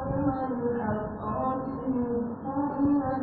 ومن الأرض ومن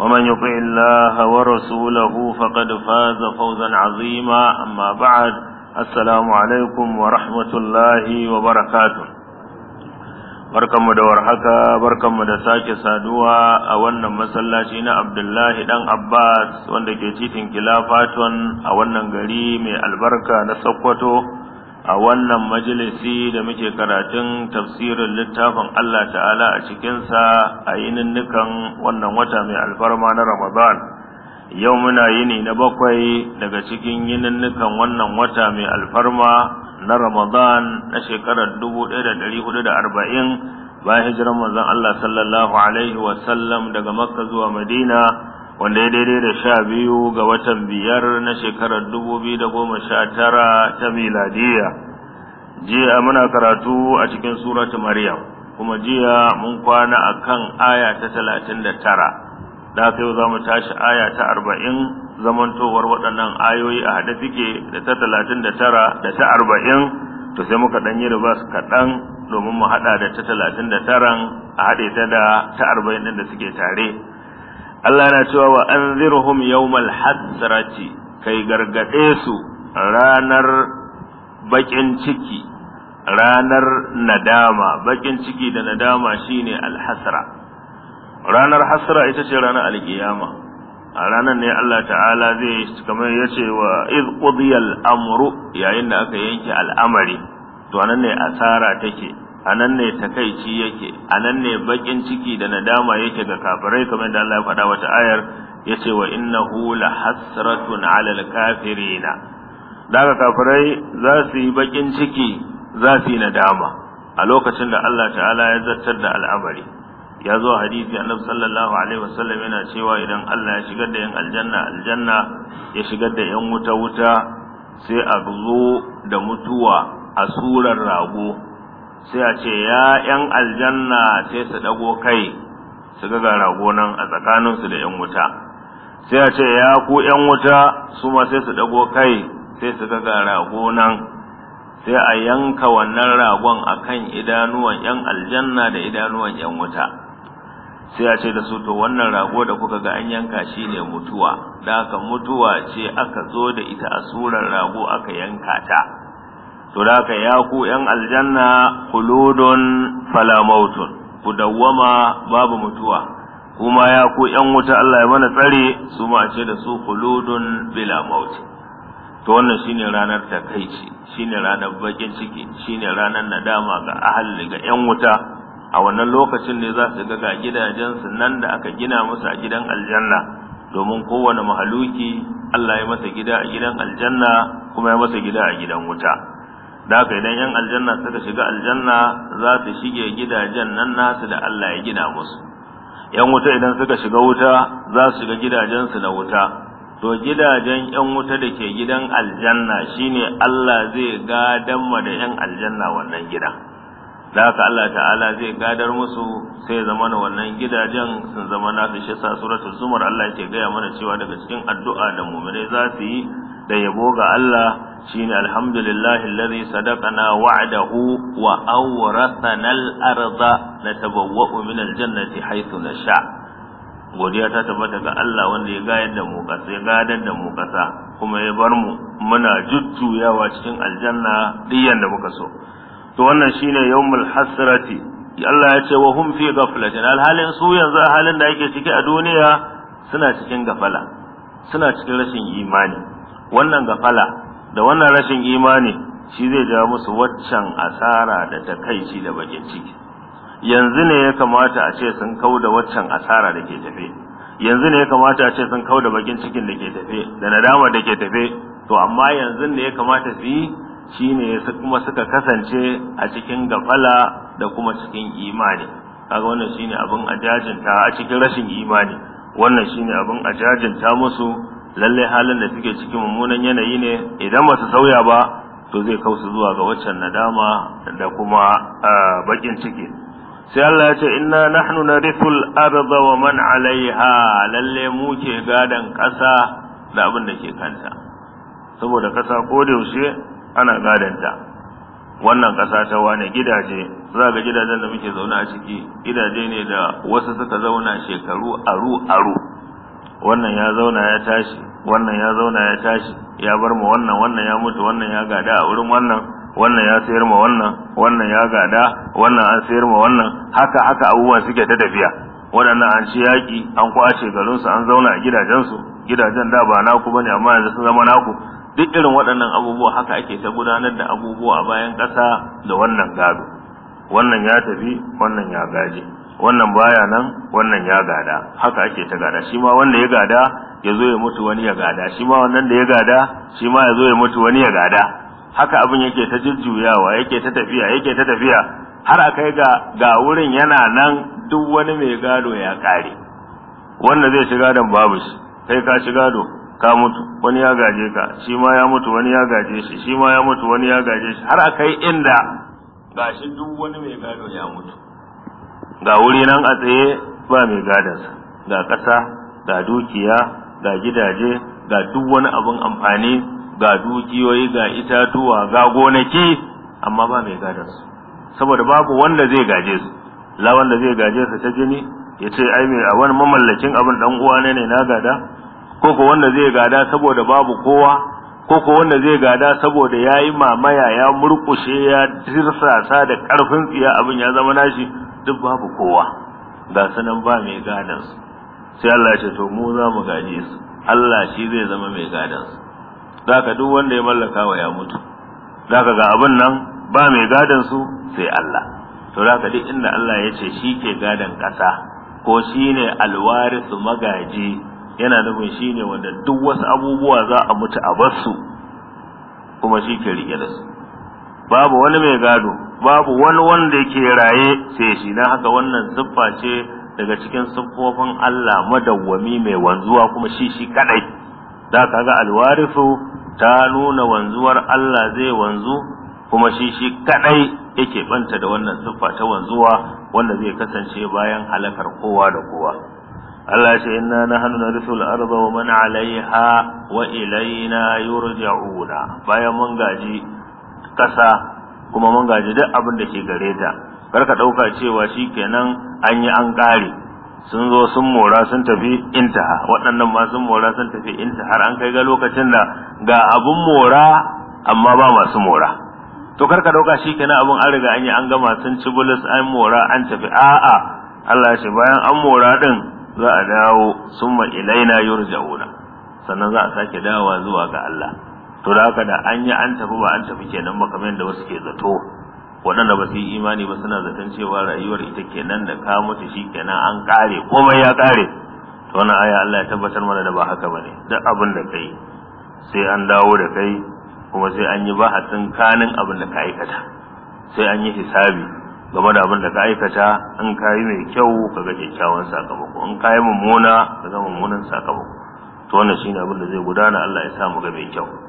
ومن يطع الله ورسوله فقد فاز فوزا عظيما أما بعد السلام عليكم ورحمة الله وبركاته barkan da warhaka barkan mu da sake saduwa a wannan masallaci na Abdullahi dan Abbas wanda ke titin Kilafaton a wannan gari mai albarka na Sokoto a wannan majalisi da muke karatun tafsirin littafin Allah ta'ala a cikinsa a yininnikan wannan wata mai alfarma na Ramadan yau muna yini na bakwai daga cikin yininnikan wannan wata mai alfarma na Ramadan na shekarar 1440 bayan hijirar manzon Allah sallallahu alaihi wasallam daga Makka zuwa Madina wanda ya daidai da sha biyu ga watan biyar na shekarar dubu biyu da goma sha tara ta miladiya jiya muna karatu a cikin suratu maryam kuma jiya mun kwana a kan aya ta talatin da tara da aka yau za mu tashi aya ta arba'in zamantowar waɗannan ayoyi a haɗe suke da ta talatin da tara da ta arba'in to sai muka ɗanyi ribas kaɗan domin mu haɗa da ta talatin da taran a haɗe ta da ta arba'in ɗin da suke tare Allah yana cewa wa anzirhum yawmal hasrati kai gargade su ranar baƙin ciki ranar nadama Baƙin ciki da nadama shine alhasra ranar hasra ita ce ranar alkiyama a ranar ne Allah ta'ala zai kamar ya ce wa iz qudiyal amru yayin da aka yanke al'amari to anan ne asara take a nan ne takaici yake a nan ne bakin ciki da nadama yake ga kafirai kamar da Allah ya faɗa wata ayar yace wa innahu la hasratun alal Da ga kafirai za su yi bakin ciki za su yi nadama a lokacin da Allah ta'ala ya zartar da al'amari ya zo hadisi annabi sallallahu alaihi wasallam yana cewa idan Allah ya shigar da yan aljanna aljanna ya shigar da yan wuta wuta sai a zo da mutuwa a surar rago sai a ce ya ‘yan aljanna sai su ɗago kai su ga rago a tsakaninsu da ‘yan wuta sai a ce ya ku ‘yan wuta su ma sai su ɗago kai sai su ga rago sai a yanka wannan ragon a kan idanuwan ‘yan aljanna da idanuwan ‘yan wuta sai a ce da su to wannan rago da kuka ga an yanka shi ne mutuwa da aka mutuwa ce aka zo da ita a surar rago aka yanka ta to da ka ya ku ‘yan aljanna kuludun falamautun, ku dawwama babu mutuwa, kuma ya ku ‘yan wuta Allah ya mana tsare su ma ce da su kuludun bila mauti. To wannan shine ranar takaici, shine ranar bakin ciki, shine ranar nadama ga ahal ga ‘yan wuta, a wannan lokacin ne za su ga gidajensu nan da aka gina musu a gidan aljanna. domin kowane mahaluki Allah ya masa gida a gidan aljanna kuma ya masa gida a gidan wuta. da haka idan yan aljanna suka shiga aljanna za su shige gidajen nan nasu da Allah ya gina musu yan wuta idan suka shiga wuta za su shiga gidajensu da wuta to gidajen yan wuta da ke gidan aljanna shine Allah zai gadan ma da yan aljanna wannan gida da haka Allah ta'ala zai gadar musu sai zama na wannan gidajen sun zama na su shi sa suratul zumar Allah ke gaya mana cewa daga cikin addu'a da mu'mine za su yi da yabo ga Allah shine alhamdulillahi alladhi sadaqana wa'dahu wa awrathana al-ardha natabawwa'u min al-jannati haythu nasha godiya ta tabbata ga Allah wanda ya gayar da mu kasa ya gadar da mu kasa kuma ya bar mu muna jujjuyawa cikin aljanna diyan da muka so to wannan shine yawmul hasrati Allah ya ce wa hum fi ghaflatin alhalin su yanzu halin da yake ciki a duniya suna cikin gafala suna cikin rashin imani wannan gafala da wannan rashin imani shi zai jawo musu waccan asara da ta kai shi da bakin ciki yanzu ne ya kamata a ce sun kau da waccan asara da ke tafe yanzu ne ya kamata a ce sun kau da bakin cikin da ke tafe da nadama da ke tafe to amma yanzu ne ya kamata su yi shi ne kuma suka kasance a cikin gafala da kuma cikin imani kaga wannan shine abin ajajinta a cikin rashin imani wannan shine abin ajajinta musu lallai halin da suke cikin mummunan yanayi ne idan ba su sauya ba to zai kausu zuwa ga waccan nadama da kuma bakin ciki sai Allah ya ce inna nahnu narithul arda wa man alaiha lalle mu ke gadan kasa da abin da ke kanta saboda kasa ko da yaushe ana gadanta wannan kasa ta wane gidaje za ga gidajen da muke zaune a ciki gidaje ne da wasu suka zauna shekaru aru aru wannan ya zauna ya tashi wannan ya zauna ya tashi ya bar ma wannan wannan ya mutu wannan ya gada a wurin wannan wannan ya sayar ma wannan wannan ya gada wannan an sayar ma wannan haka haka abubuwa suke ta tafiya waɗannan an ci yaƙi an kwace garinsu an zauna a gidajensu gidajen da ba naku bane amma yanzu sun zama naku duk irin waɗannan abubuwa haka ake ta gudanar da abubuwa a bayan ƙasa da wannan gado wannan ya tafi wannan ya gaje wannan baya nan wannan ya gada haka ake ta gada shi ma wanda ya gada ya zo ya mutu wani ya gada shi ma wannan da ya gada shi ma ya zo ya mutu wani ya gada haka abin yake ta jujjuyawa yake ta tafiya yake ta tafiya har a kai ga ga wurin yana nan duk wani mai gado ya kare wanda zai shiga dan babu shi kai ka shiga do ka mutu wani ya gaje ka shi ma ya mutu wani ya gaje shi shi ma ya mutu wani ya gaje shi har a kai inda gashi duk wani mai gado ya mutu ga wuri nan a tsaye ba mai gadarsa, ga ƙasa ga dukiya ga gidaje ga duk wani abin amfani ga dukiyoyi ga itatuwa ga gonaki amma ba mai gadansu saboda babu wanda zai gaje su la wanda zai gaje su ta jini ya ce ai mai a wani mamallakin abin dan uwa ne ne na gada ko wanda zai gada saboda babu kowa ko wanda zai gada saboda ya yi mamaya ya murkushe ya tirsasa da ƙarfin tsiya abin ya zama nashi duk babu kowa ga sanan ba mai gadon su sai Allah ce to mu za mu gaje su Allah shi zai zama mai gadon su zaka duk wanda ya mallaka wa ya mutu zaka ga abin nan ba mai gadon su sai Allah to zaka duk inda Allah ya ce shi ke gadon kasa ko shine alwarisu magaji yana nufin shine wanda duk wasu abubuwa za a mutu a bar su kuma shi ke rike da su babu wani mai gado babu wani wanda yake raye sai shi dan haka wannan siffa ce daga cikin siffofin Allah madawwami mai wanzuwa kuma shi shi kadai da kaga alwarifu ta nuna wanzuwar Allah zai wanzu kuma shi shi kadai yake banta da wannan siffa ta wanzuwa wanda zai kasance bayan halakar kowa da kowa Allah ce inna nahnu narithu al-ardha wa man 'alayha wa ilayna yurja'una bayan mun gaji ƙasa kuma mun gaji duk abin da ke gare ta kar ka ɗauka cewa shi kenan an yi an ƙare sun zo sun mora sun tafi intaha waɗannan ma mora sun tafi intaha har an kai ga lokacin da ga abun mora amma ba masu mora to kar ka ɗauka shi kenan abin an riga an yi an gama sun ci bulus an mora an tafi a'a Allah shi bayan an mora din za a dawo summa ilaina yurja'una sannan za a sake dawowa zuwa ga Allah to da haka da an yi an tafi ba an tafi kenan ba kamar yadda wasu ke zato waɗanda ba su yi imani ba suna zaton cewa rayuwar ita kenan da ka mutu shi kenan an ƙare komai ya kare, to wani aya Allah ya tabbatar mana da ba haka ba ne, duk abin da kai sai an dawo da kai kuma sai an yi bahasin kanin abin da ka aikata sai an yi hisabi game da abin da ka aikata in ka yi mai kyau ka ga kyakkyawan sakamako in ka yi mummuna ka ga mummunan sakamako to wannan shine abin da zai gudana Allah ya sa mu ga mai kyau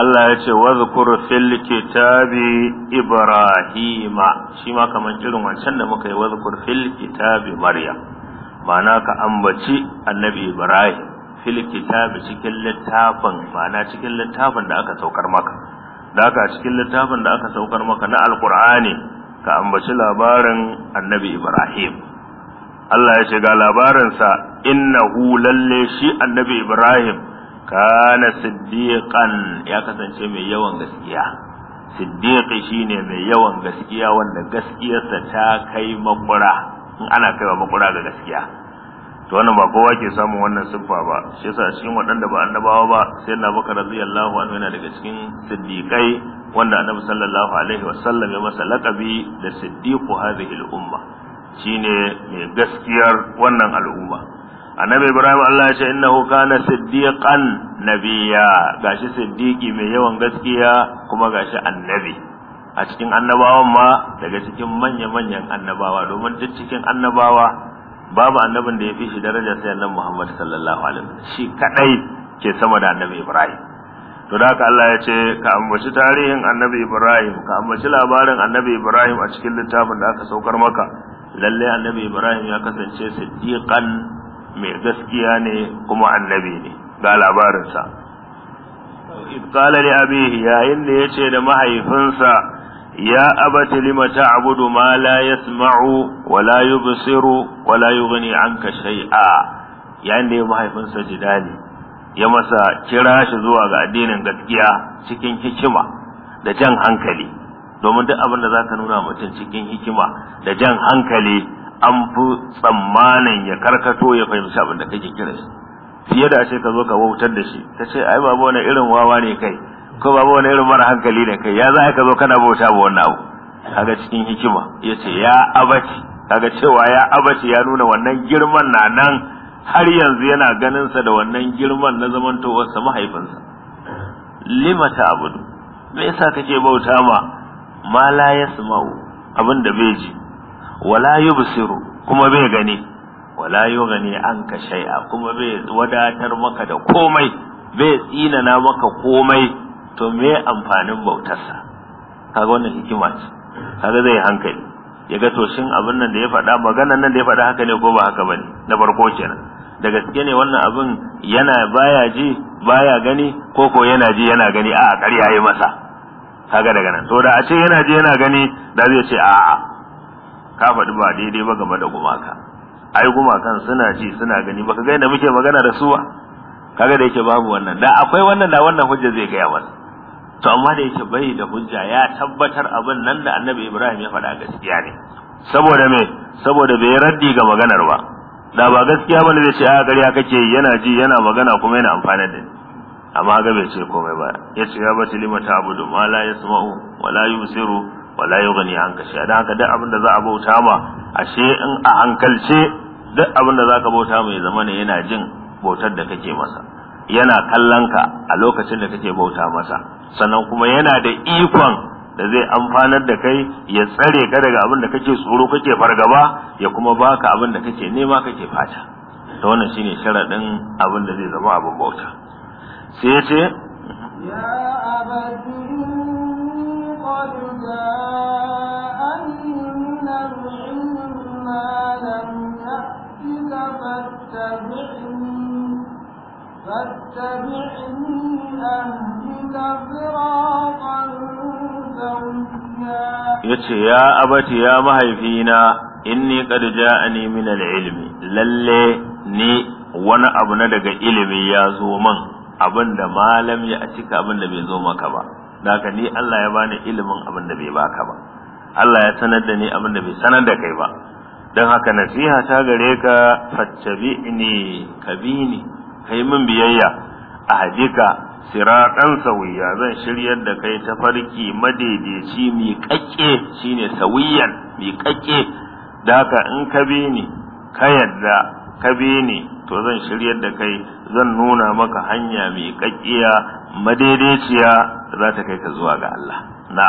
Allah ya ce wazkur fil kitabi Ibrahim shi ma kaman irin wancan da muka yi wazkur fil kitabi Maryam ma'ana ka ambaci annabi Ibrahim fil kitabi cikin littafin ma'ana cikin littafin da aka saukar maka da aka cikin littafin da aka saukar maka na alqur'ani ka ambaci labarin annabi Ibrahim Allah ya ce ga labarinsa innahu lalle shi annabi Ibrahim kana siddiqan ya kasance mai yawan gaskiya siddiqi shine mai yawan gaskiya wanda gaskiyarsa ta kai makura in ana kaiwa makura ga gaskiya to wannan ba kowa ke samun wannan siffa ba shi yasa cikin waɗanda ba annabawa ba sai na Bakar radiyallahu anhu yana daga cikin siddiqai wanda Annabi sallallahu alaihi wasallam ya masa laqabi da siddiqu hadhihi al-umma shine mai gaskiyar wannan al'umma annabi ibrahim Allah ya ce innahu kana siddiqan nabiyya gashi siddiqi mai yawan gaskiya kuma gashi annabi a cikin annabawan ma daga cikin manya-manyan annabawa domin duk cikin annabawa babu annabin da ya fi shi daraja sai annabi Muhammad sallallahu alaihi wasallam shi kadai ke sama da annabi Ibrahim to da haka Allah ya ce ka ambaci tarihin annabi Ibrahim ka ambaci labarin annabi Ibrahim a cikin littafin da aka saukar maka lalle annabi Ibrahim ya kasance siddiqan mai gaskiya ne kuma annabi ne ga labarinsa ibqala li abihi yayin da yace da mahaifinsa ya abata limata abudu ma la yasma'u wa la yubsiru wa la yughni anka shay'a yayin da mahaifinsa jidali ya masa kira shi zuwa ga addinin gaskiya cikin hikima da jan hankali domin duk abin da zaka nuna mutum cikin hikima da jan hankali an fi tsammanin ya karkato ya fahimci abin da kake kira shi fiye da ashe ka zo ka wautar da shi ka ce ai babu wani irin wawa ne kai ko babu wani irin mara hankali ne kai ya za ka zo kana bauta ba wannan abu kaga cikin hikima ya ce ya abaci kaga cewa ya abaci ya nuna wannan girman na nan har yanzu yana ganin sa da wannan girman na zamantowarsa mahaifinsa Limata abudu me yasa kake bauta ma ma la yasma'u abin da bai ji wala yubsiru kuma bai gani wala yughni anka shay'a kuma bai wadatar maka da komai bai tsinana maka komai to me amfanin bautarsa kaga wannan hikima ce kaga zai hankali ya ga to shin abin nan da ya faɗa maganar nan da ya faɗa haka ne ko ba haka bane na farko kenan da gaske ne wannan abin yana baya ji baya gani ko ko yana ji yana gani a a ƙarya yi masa kaga daga nan to da a ce yana ji yana gani da zai ce a'a ka faɗi ba daidai ba game da gumaka ai gumakan suna ji suna gani baka ga inda muke magana da su ba kaga da yake babu wannan da akwai wannan da wannan hujja zai kai mana to amma da yake bai da hujja ya tabbatar abin nan da annabi Ibrahim ya faɗa gaskiya ne saboda me saboda bai raddi ga maganar ba da ba gaskiya bane zai ce a ah, gariya kake yana ji yana magana kuma yana amfana da ni amma ga bai ce komai ba ya ce ya bata lima ta abudu ma la yasma'u wa la wala yughni anka hankali dan haka duk abin da za a bauta ma ashe in a hankalce duk abin da zaka bauta mai zama ne yana jin bautar da kake masa yana kallon ka a lokacin da kake bauta masa sannan kuma yana da ikon da zai amfanar da kai ya tsare ka daga abin da kake tsoro kake fargaba ya kuma baka abin da kake nema kake fata to wannan shine sharadin abin da zai zama abin bauta sai ya ce ya abadu yace ya abati ya mahaifina inni qad ja'ani min al ilm lalle ni wani abu na daga ilimi ya zo min abinda malami ya cika abinda bai zo maka ba da ka ni Allah ya bani ilimin abin da bai baka ba Allah ya sanar da ni abin da bai sanar da kai ba don haka nasiha ta gare ka ni, kabini kai min biyayya a hadika siratan sawiya zan shiryar da kai ta farki madaidaici mi kakke shine sawiyan mi kakke da haka in ka bi ni ka yadda ka bi ni to zan shiryar da kai zan nuna maka hanya mai kakkiya madaidaiciya za ta kai ka zuwa ga Allah na.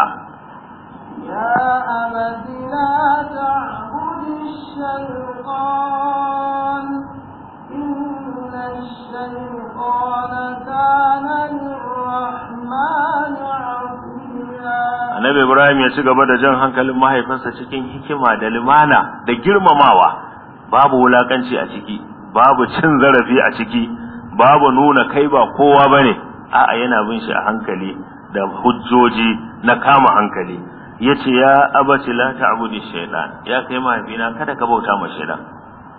ya Annabi Ibrahim ya ci gaba da jan hankalin mahaifinsa cikin hikima da limana da girmamawa babu wulakanci a ciki babu cin zarafi a ciki babu nuna kai ba kowa bane a'a yana bin shi a hankali da hujjoji na kama hankali yace ya abaci la ta'budi shaytan ya kai mahaifina kada ka bauta ma shaytan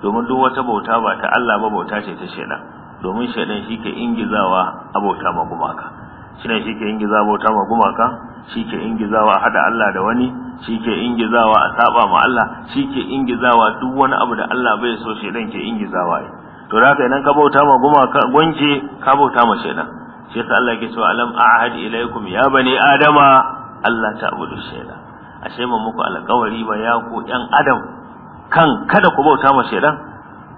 domin duk wata bauta ba ta Allah ba bauta ce ta shaytan domin shaytan shike ingizawa a bauta ma gumaka shine shike ingizawa bauta ma gumaka shike ingizawa hada Allah da wani shike ingizawa a saba ma Allah shike ingizawa duk wani abu da Allah bai so shaytan ke ingizawa to da haka idan ka bauta ma gumaka gunki ka bauta ma shaytan shi yasa Allah yake cewa alam a'had ilaykum ya bani adama Allah ta'budu shaytan ashe mun muku alƙawari ba ya ku ɗan adam kan kada ku bauta ma shaytan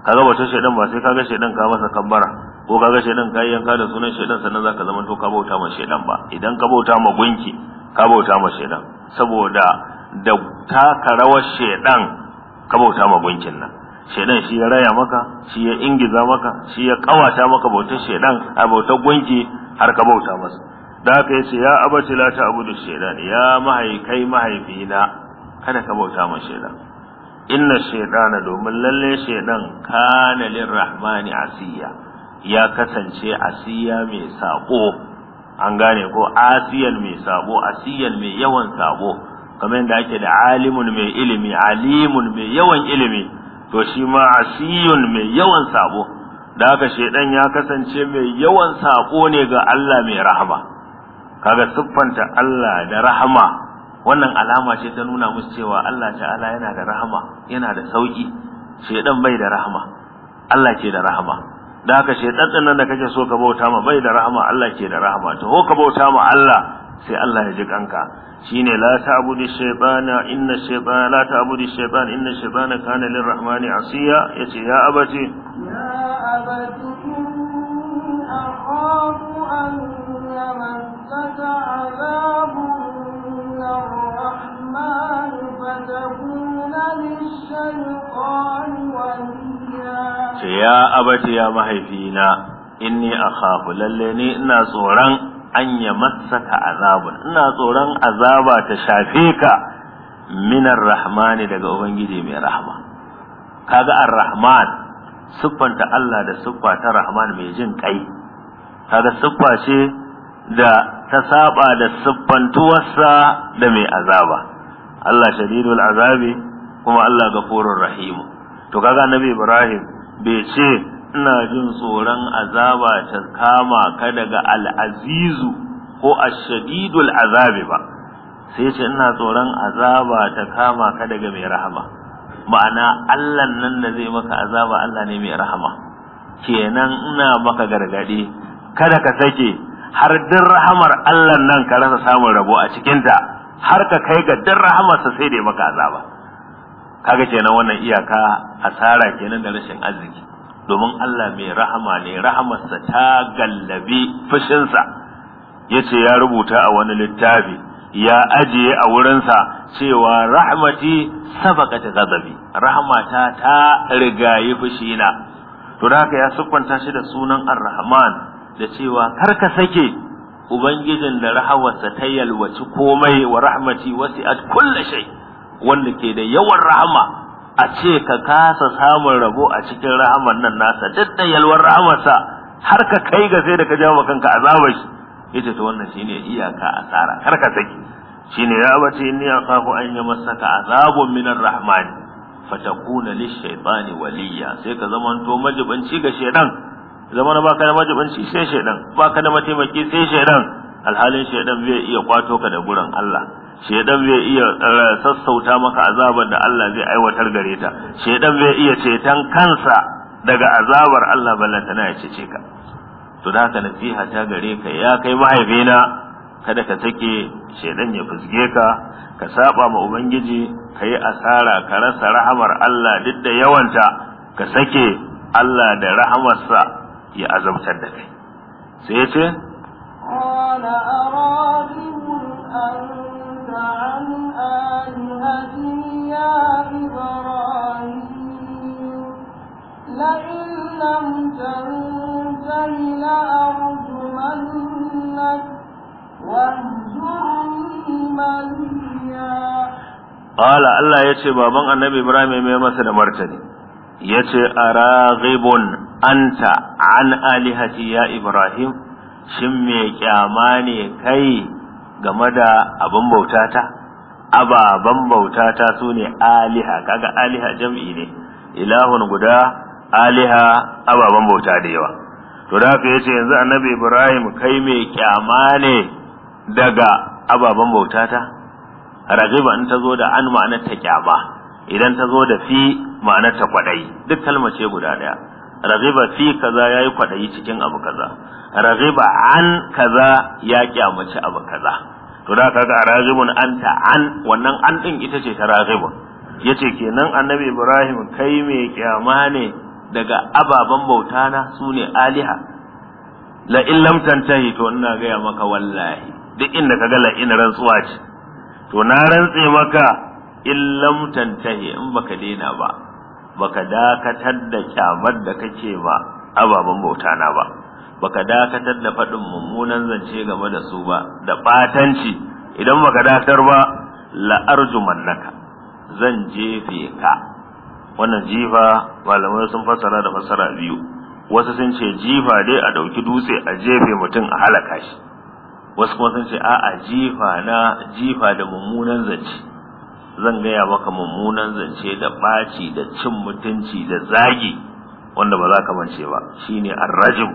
kaga bauta shaytan ba sai kaga shaytan ka masa kabbara ko kaga shaytan ka yanka da sunan shaytan sannan zaka zama to ka bauta ma shaytan ba idan ka bauta ma gunki ka bauta ma shaytan saboda da taka rawar shaytan ka bauta ma gunkin nan Shaidan shi ya raya maka shi ya ingiza maka shi ya kawata maka bautar shaidan a bautar gunki. har ka bauta masa da haka ce ya abace la ta abudu shaidan ya mahai kai mahaifina kada ka bauta ma shaytan inna na domin lalle shaidan. kana rahmani asiya ya kasance asiya mai sako an gane ko asiyan mai sabo asiyan mai yawan sabo kamar yadda ake da alimun mai ilimi alimun mai yawan ilimi to shi ma asiyun mai yawan sabo da haka shedan ya kasance mai yawan sako ne ga Allah mai rahama kaga siffanta Allah da rahama wannan alama ce ta nuna musu cewa Allah ta'ala yana da rahama yana da sauki shedan bai da rahama Allah ke da rahama da haka shedan din nan da kake so ka bauta ma bai da rahama Allah ke da rahama to ho ka bauta ma Allah sai Allah ya ji kanka shine la ta'budu shaytana inna shaytana la ta'budu shaytana inna shaytana kana lirrahmani asiya yace ya abati ya abati akhafu an yamassaka azabun الرحمن فتكون للشيطان وليا inni akhafu lalle ni ina tsoron an ya masaka azabun ina tsoron azaba ta shafe ka minar rahmani daga ubangiji mai rahma kaga ar-rahman siffanta Allah da siffa ta rahman mai jin kai kaga siffa ce da ta saba da siffantuwarsa da mai azaba Allah shadidul azabi kuma Allah gafurur rahimu to kaga annabi Ibrahim bai ce ina jin tsoron azaba ta kama ka daga al'azizu ko shadidul azabi ba sai ce ina tsoron azaba ta kama ka daga mai rahama ma'ana Allah nan da zai maka azaba Allah ne mai rahama kenan ina maka gargadi kada ka sake har din rahamar Allah nan ka rasa samun rabo a cikinta har ka kai ga din sa sai da maka azaba kaga kenan wannan iyaka asara kenan da rashin arziki domin Allah mai rahama ne rahamarsa ta gallabi fushinsa ya ce ya rubuta a wani littafi ya ajiye a wurinsa cewa rahmati sabaka ta gazabi rahmata ta rigayi fushina to da haka ya sukwanta shi da sunan ar-rahman da cewa kar ka sake ubangijin da rahawarsa ta yalwaci komai wa rahmati wasi'at kulli shay wanda ke da yawan rahama a ce ka kasa samun rabo a cikin rahaman nan nasa duk da yalwar rahamarsa har ka kai ga sai da ka jawo kanka azabar shi yace to wannan shine iyaka asara kar ka saki shine ya bace inni akhafu an yamassaka azabun minar rahmani fatakuna lishaytani waliya sai ka zamanto majibanci ga shedan zamana baka da majibanci sai shedan baka da mataimaki sai shedan alhalin shedan zai iya kwato ka da gurin Allah shedan zai iya sassauta maka azabar da Allah zai aiwatar gare ta shedan zai iya ceton kansa daga azabar Allah tana ya cece ka to da haka nasiha ta gare ka ya kai mahaifina kada ka take shedan ya fusge ka ka saba ma ubangiji ka asara ka rasa rahamar Allah duk da yawanta ka sake Allah da rahamarsa ya azabtar da kai sai ya ce Ƙala Allah ya ce, Baban annabi Ibrahim ya mai masa da martani, ya ce, A ragibun anta an alihati ya Ibrahim, shin mai kyama ne kai game da abin bautata ababan bautata su ne aliha kaga aliha jam'i ne ilahun guda aliha ababen bauta da yawa to da haka yace yanzu annabi ibrahim kai mai kyama ne daga ababen bautata ragiba in tazo da an ma'anar ta kyama idan ta zo da fi ma'anar ta kwadai duk kalmace guda daya Ragiba fi kaza yayi kwaɗayi cikin abu kaza Ragiba an kaza ya kyamaci abu kaza to da kaga ga anta an wannan an din ita ce ta Ya yace kenan annabi Ibrahim kai mai kyama ne daga ababen bauta na sune aliha la illam tantahi to ina ga maka wallahi duk inda kaga la in rantsuwa ce to na rantse maka illam tantahi in baka daina ba baka dakatar da kyamar da kake ba ababen bauta na ba baka dakatar da faɗin mummunan zance game da su ba da batanci idan baka dakatar ba la'arjumannaka zan jefe ka wannan jifa malamai sun fassara da fassara biyu wasu sun ce jifa dai a dauki dutse a jefe mutum a halaka shi wasu kuma sun ce a'a jifa na jifa da mummunan zance zan gaya maka mummunan zance da ɓaci da cin mutunci da zagi wanda ba za ka mance ba shine ar-rajm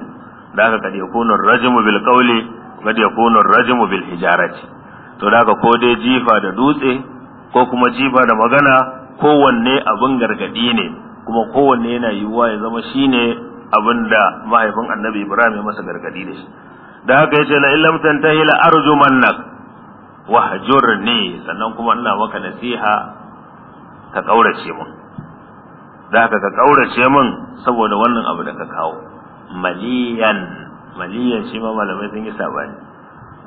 da ka kaɗe yakunu ar-rajmu bil qawli kad yakunu ar bil hijarati to da ka ko dai jifa da dutse ko kuma jifa da magana kowanne abin gargadi ne kuma kowanne yana yiwuwa ya zama shine abin da mahaifin annabi ibrahim ya masa gargadi da shi da haka yace la illam tantahi la arjumannak wahjurni sannan kuma ina maka nasiha ka kaurace mun da ka kaurace mun saboda wannan abu da ka kawo maliyan maliyan shi ma malamai sun yi sabani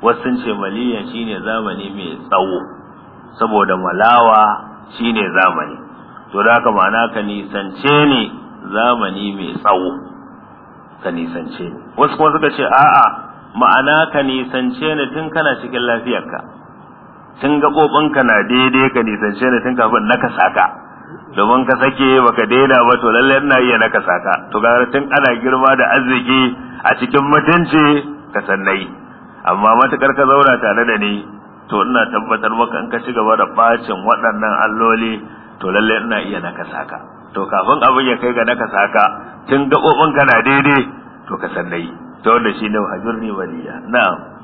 wasu sun ce maliyan shine zamani mai tsawo saboda malawa shine zamani to da ma'ana ka nisance ni zamani mai tsawo ka nisance ni wasu kuma suka ce a'a ma'ana ka nisance ni tun kana cikin lafiyarka tun gaɓoɓinka na daidai ka nisance ne tun kafin na ka saka domin ka sake baka daina ba to lallai na iya na ka saka to gara tun ana girma da arziki a cikin mutunci ka sannai amma matukar ka zauna tare da ni to ina tabbatar maka in ka ci gaba da bacin waɗannan alloli to lallai ina iya na ka saka to kafin abin ya kai ga na ka saka tun gaɓoɓinka na daidai to ka sannai to wanda shine hajjurni waliya na'am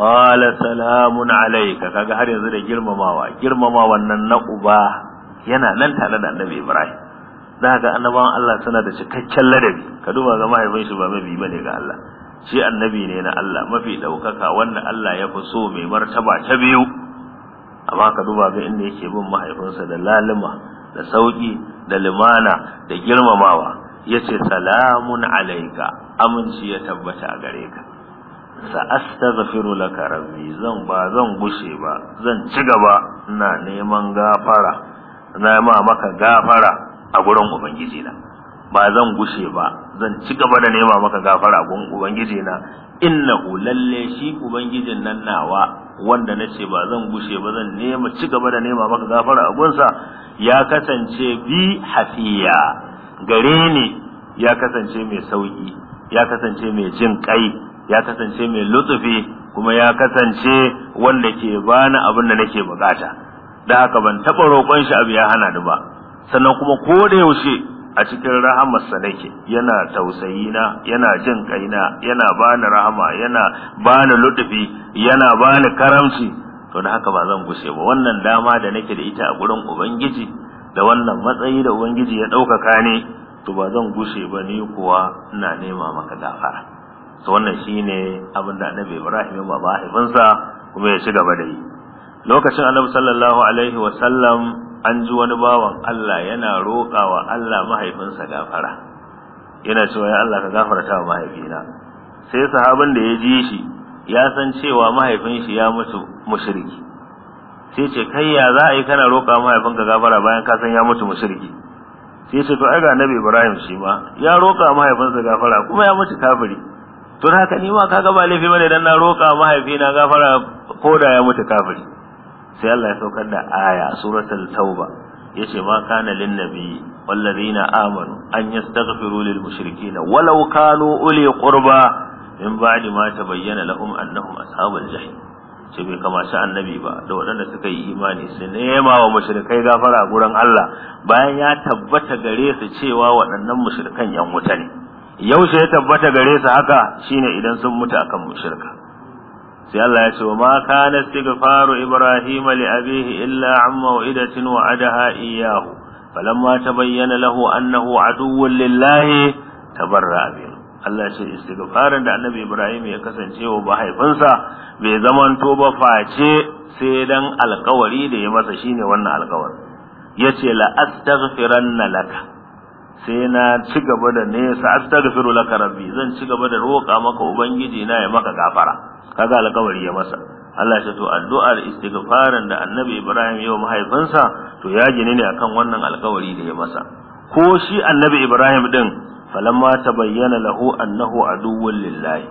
Wala salamun alaika kaga har yanzu da girmamawa Girmamawa nan na uba yana nan tare da annabi Ibrahim dan ga annabawan Allah suna da cikakken ladabi ka duba ga mahaifin shi ba mabi bane ga Allah shi annabi ne na Allah mafi ɗaukaka wanda Allah ya fi so mai martaba ta biyu amma ka duba ga inda yake bin mahaifinsa da lalima da sauƙi da limana da girmamawa ya ce salamun alaika aminci ya tabbata a gare ka sa'astaghfiru laka rabbi zan ba zan gushe ba zan ci gaba ina neman gafara na ma maka gafara a gurin ubangiji na ba zan gushe ba zan ci gaba da nema maka gafara gun ubangiji na innahu lalle shi ubangijin nan nawa wanda nace ba zan gushe ba zan nema ci gaba da nema maka gafara a sa ya kasance bi hafiya gare ni ya kasance mai sauki ya kasance mai jin kai ya kasance mai lutsufi kuma ya kasance wanda ke bani abin da nake bukata da haka ban taba roƙon shi abu ya hana ni ba sannan kuma ko da yaushe a cikin rahamarsa nake yana tausayina yana jin kaina yana bani rahama yana bani lutufi yana bani karamci to da haka ba zan gushe ba wannan dama da nake da ita a gurin ubangiji da wannan matsayi da ubangiji ya ɗaukaka ne to ba zan gushe ba ni kuwa ina nema maka gafara to wannan shine abin da annabi ibrahim ya mahaifinsa kuma ya ci gaba da yi lokacin annabi sallallahu alaihi wa sallam an ji wani bawan Allah yana roƙa wa Allah mahaifinsa gafara yana cewa ya Allah ka gafara ta mahaifina sai sahabin da ya ji shi ya san cewa mahaifin shi ya mutu mushriki sai ce kai ya za a yi kana roƙa mahaifinka gafara bayan ka san ya mutu mushriki sai ce to ai ga Nabi Ibrahim shi ma ya roƙa mahaifinsa gafara kuma ya mutu kafiri to haka ni ma kaga ba laifi bane dan na roƙa mahaifina gafara ko da ya mutu kafiri sai Allah ya saukar da aya suratul tauba yace ma kana lin nabi wallazina amanu an yastaghfiru lil mushrikeen walau kanu uli qurba in ba'di ma tabayyana lahum annahum ashabul jahim ce bai shi annabi ba da waɗanda suka yi imani su nema wa mushrikai gafara gurin Allah bayan ya tabbata gare su cewa waɗannan mushrikan yan wuta ne yaushe ya tabbata gare su haka shine idan sun mutu akan mushrika sai Allah ya ce wa ma kana istighfaru ibrahim li abihi illa an maw'idatin wa'adaha iyyahu falamma tabayyana lahu annahu aduwwun lillahi tabarra min Allah ya ce istighfarin da annabi ibrahim ya kasance wa mahaifinsa bai zamanto ba face sai dan alkawari da ya masa shine wannan alkawari yace la astaghfiranna laka sai na ci gaba da ne astaghfiru laka rabbi zan ci gaba da roƙa maka ubangiji na ya maka gafara kaga alƙawari ya masa Allah ya to addu'ar istighfarin da Annabi Ibrahim yau mahaifinsa to ya gine ne akan wannan alƙawari da ya masa ko shi Annabi Ibrahim din falamma bayyana lahu annahu aduwwun lillahi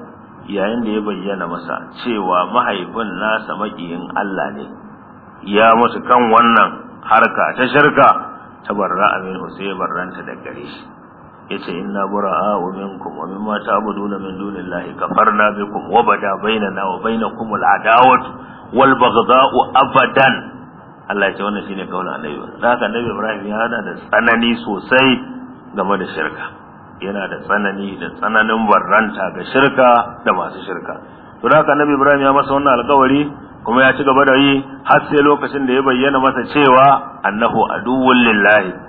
yayin da ya bayyana masa cewa mahaifin nasa makiyin Allah ne ya musu kan wannan harka ta shirka tabarra'a hu sai barranta da gare shi yace inna bura'a minkum wa mimma ta'buduna min dunillahi kafarna bikum wa bada bainana wa bainakum al'adawatu wal baghdha'u abadan Allah ce wannan shine kaula annabi da annabi Ibrahim ya hada da tsanani sosai game da shirka yana da tsanani da tsananin barranta ga shirka da masu shirka to da annabi Ibrahim ya masa wannan alƙawari kuma ya ci gaba da yi har sai lokacin da ya bayyana masa cewa annahu aduwwul lillahi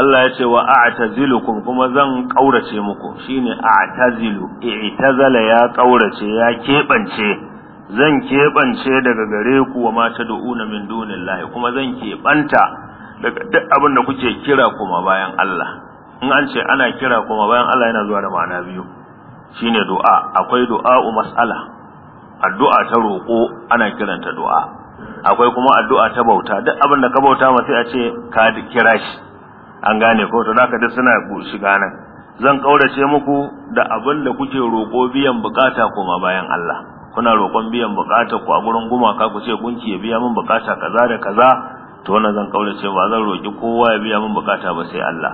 Allah ya ce wa a'tazilukum kuma zan kaurace muku shine a'tazilu i'tazala ya kaurace ya kebance zan kebance daga gare ku wa ma min dunillahi kuma zan kebanta daga duk abin da kuke kira kuma bayan Allah in an ce ana kira kuma bayan Allah yana zuwa da ma'ana biyu shine du'a akwai u mas'ala addu'a ta roko ana kiranta du'a akwai kuma addu'a ta bauta duk abin da ka bauta ma sai a ce ka kira shi an gane ko to zaka da suna shiga nan zan kaurace muku da abin da kuke roƙo biyan bukata kuma bayan Allah kuna roƙon biyan bukata ku a gurin gumaka ku ce kun ya biya min bukata kaza da kaza to wannan zan kaurace ba zan roƙi kowa ya biya min bukata ba sai Allah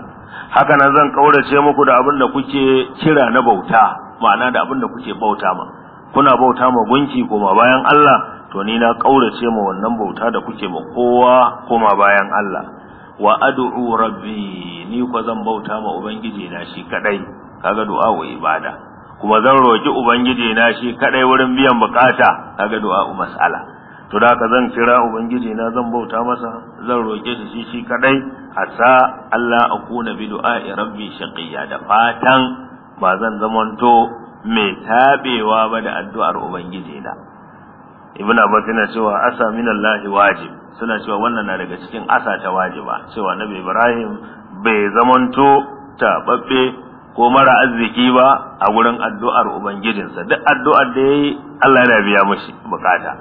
haka nan zan kaurace muku da abin da kuke kira na bauta ma'ana da abin da kuke bauta ma kuna bauta ma gunki kuma bayan Allah to ni na kaurace ma wannan bauta da kuke ma kowa kuma bayan Allah wa ad'u rabbi ni ko zan bauta ma ubangiji na shi kadai kaga du'a wa ibada kuma zan roki ubangiji na shi kadai wurin biyan bukata kaga du'a mas'ala to da ka zan kira ubangiji na zan bauta masa zan roke shi shi shi kadai hatta Allah akuna bi du'a'i rabbi shaqiya da fatan ba zan zamanto mai tabewa ba da addu'ar ubangiji na ibn abbas yana cewa asa waje wajib suna cewa wannan na daga cikin asa ta wajiba cewa nabi ibrahim bai zamanto tababbe ko mara arziki ba a gurin addu'ar ubangijinsa duk addu'ar da yayi Allah yana biya mishi bukata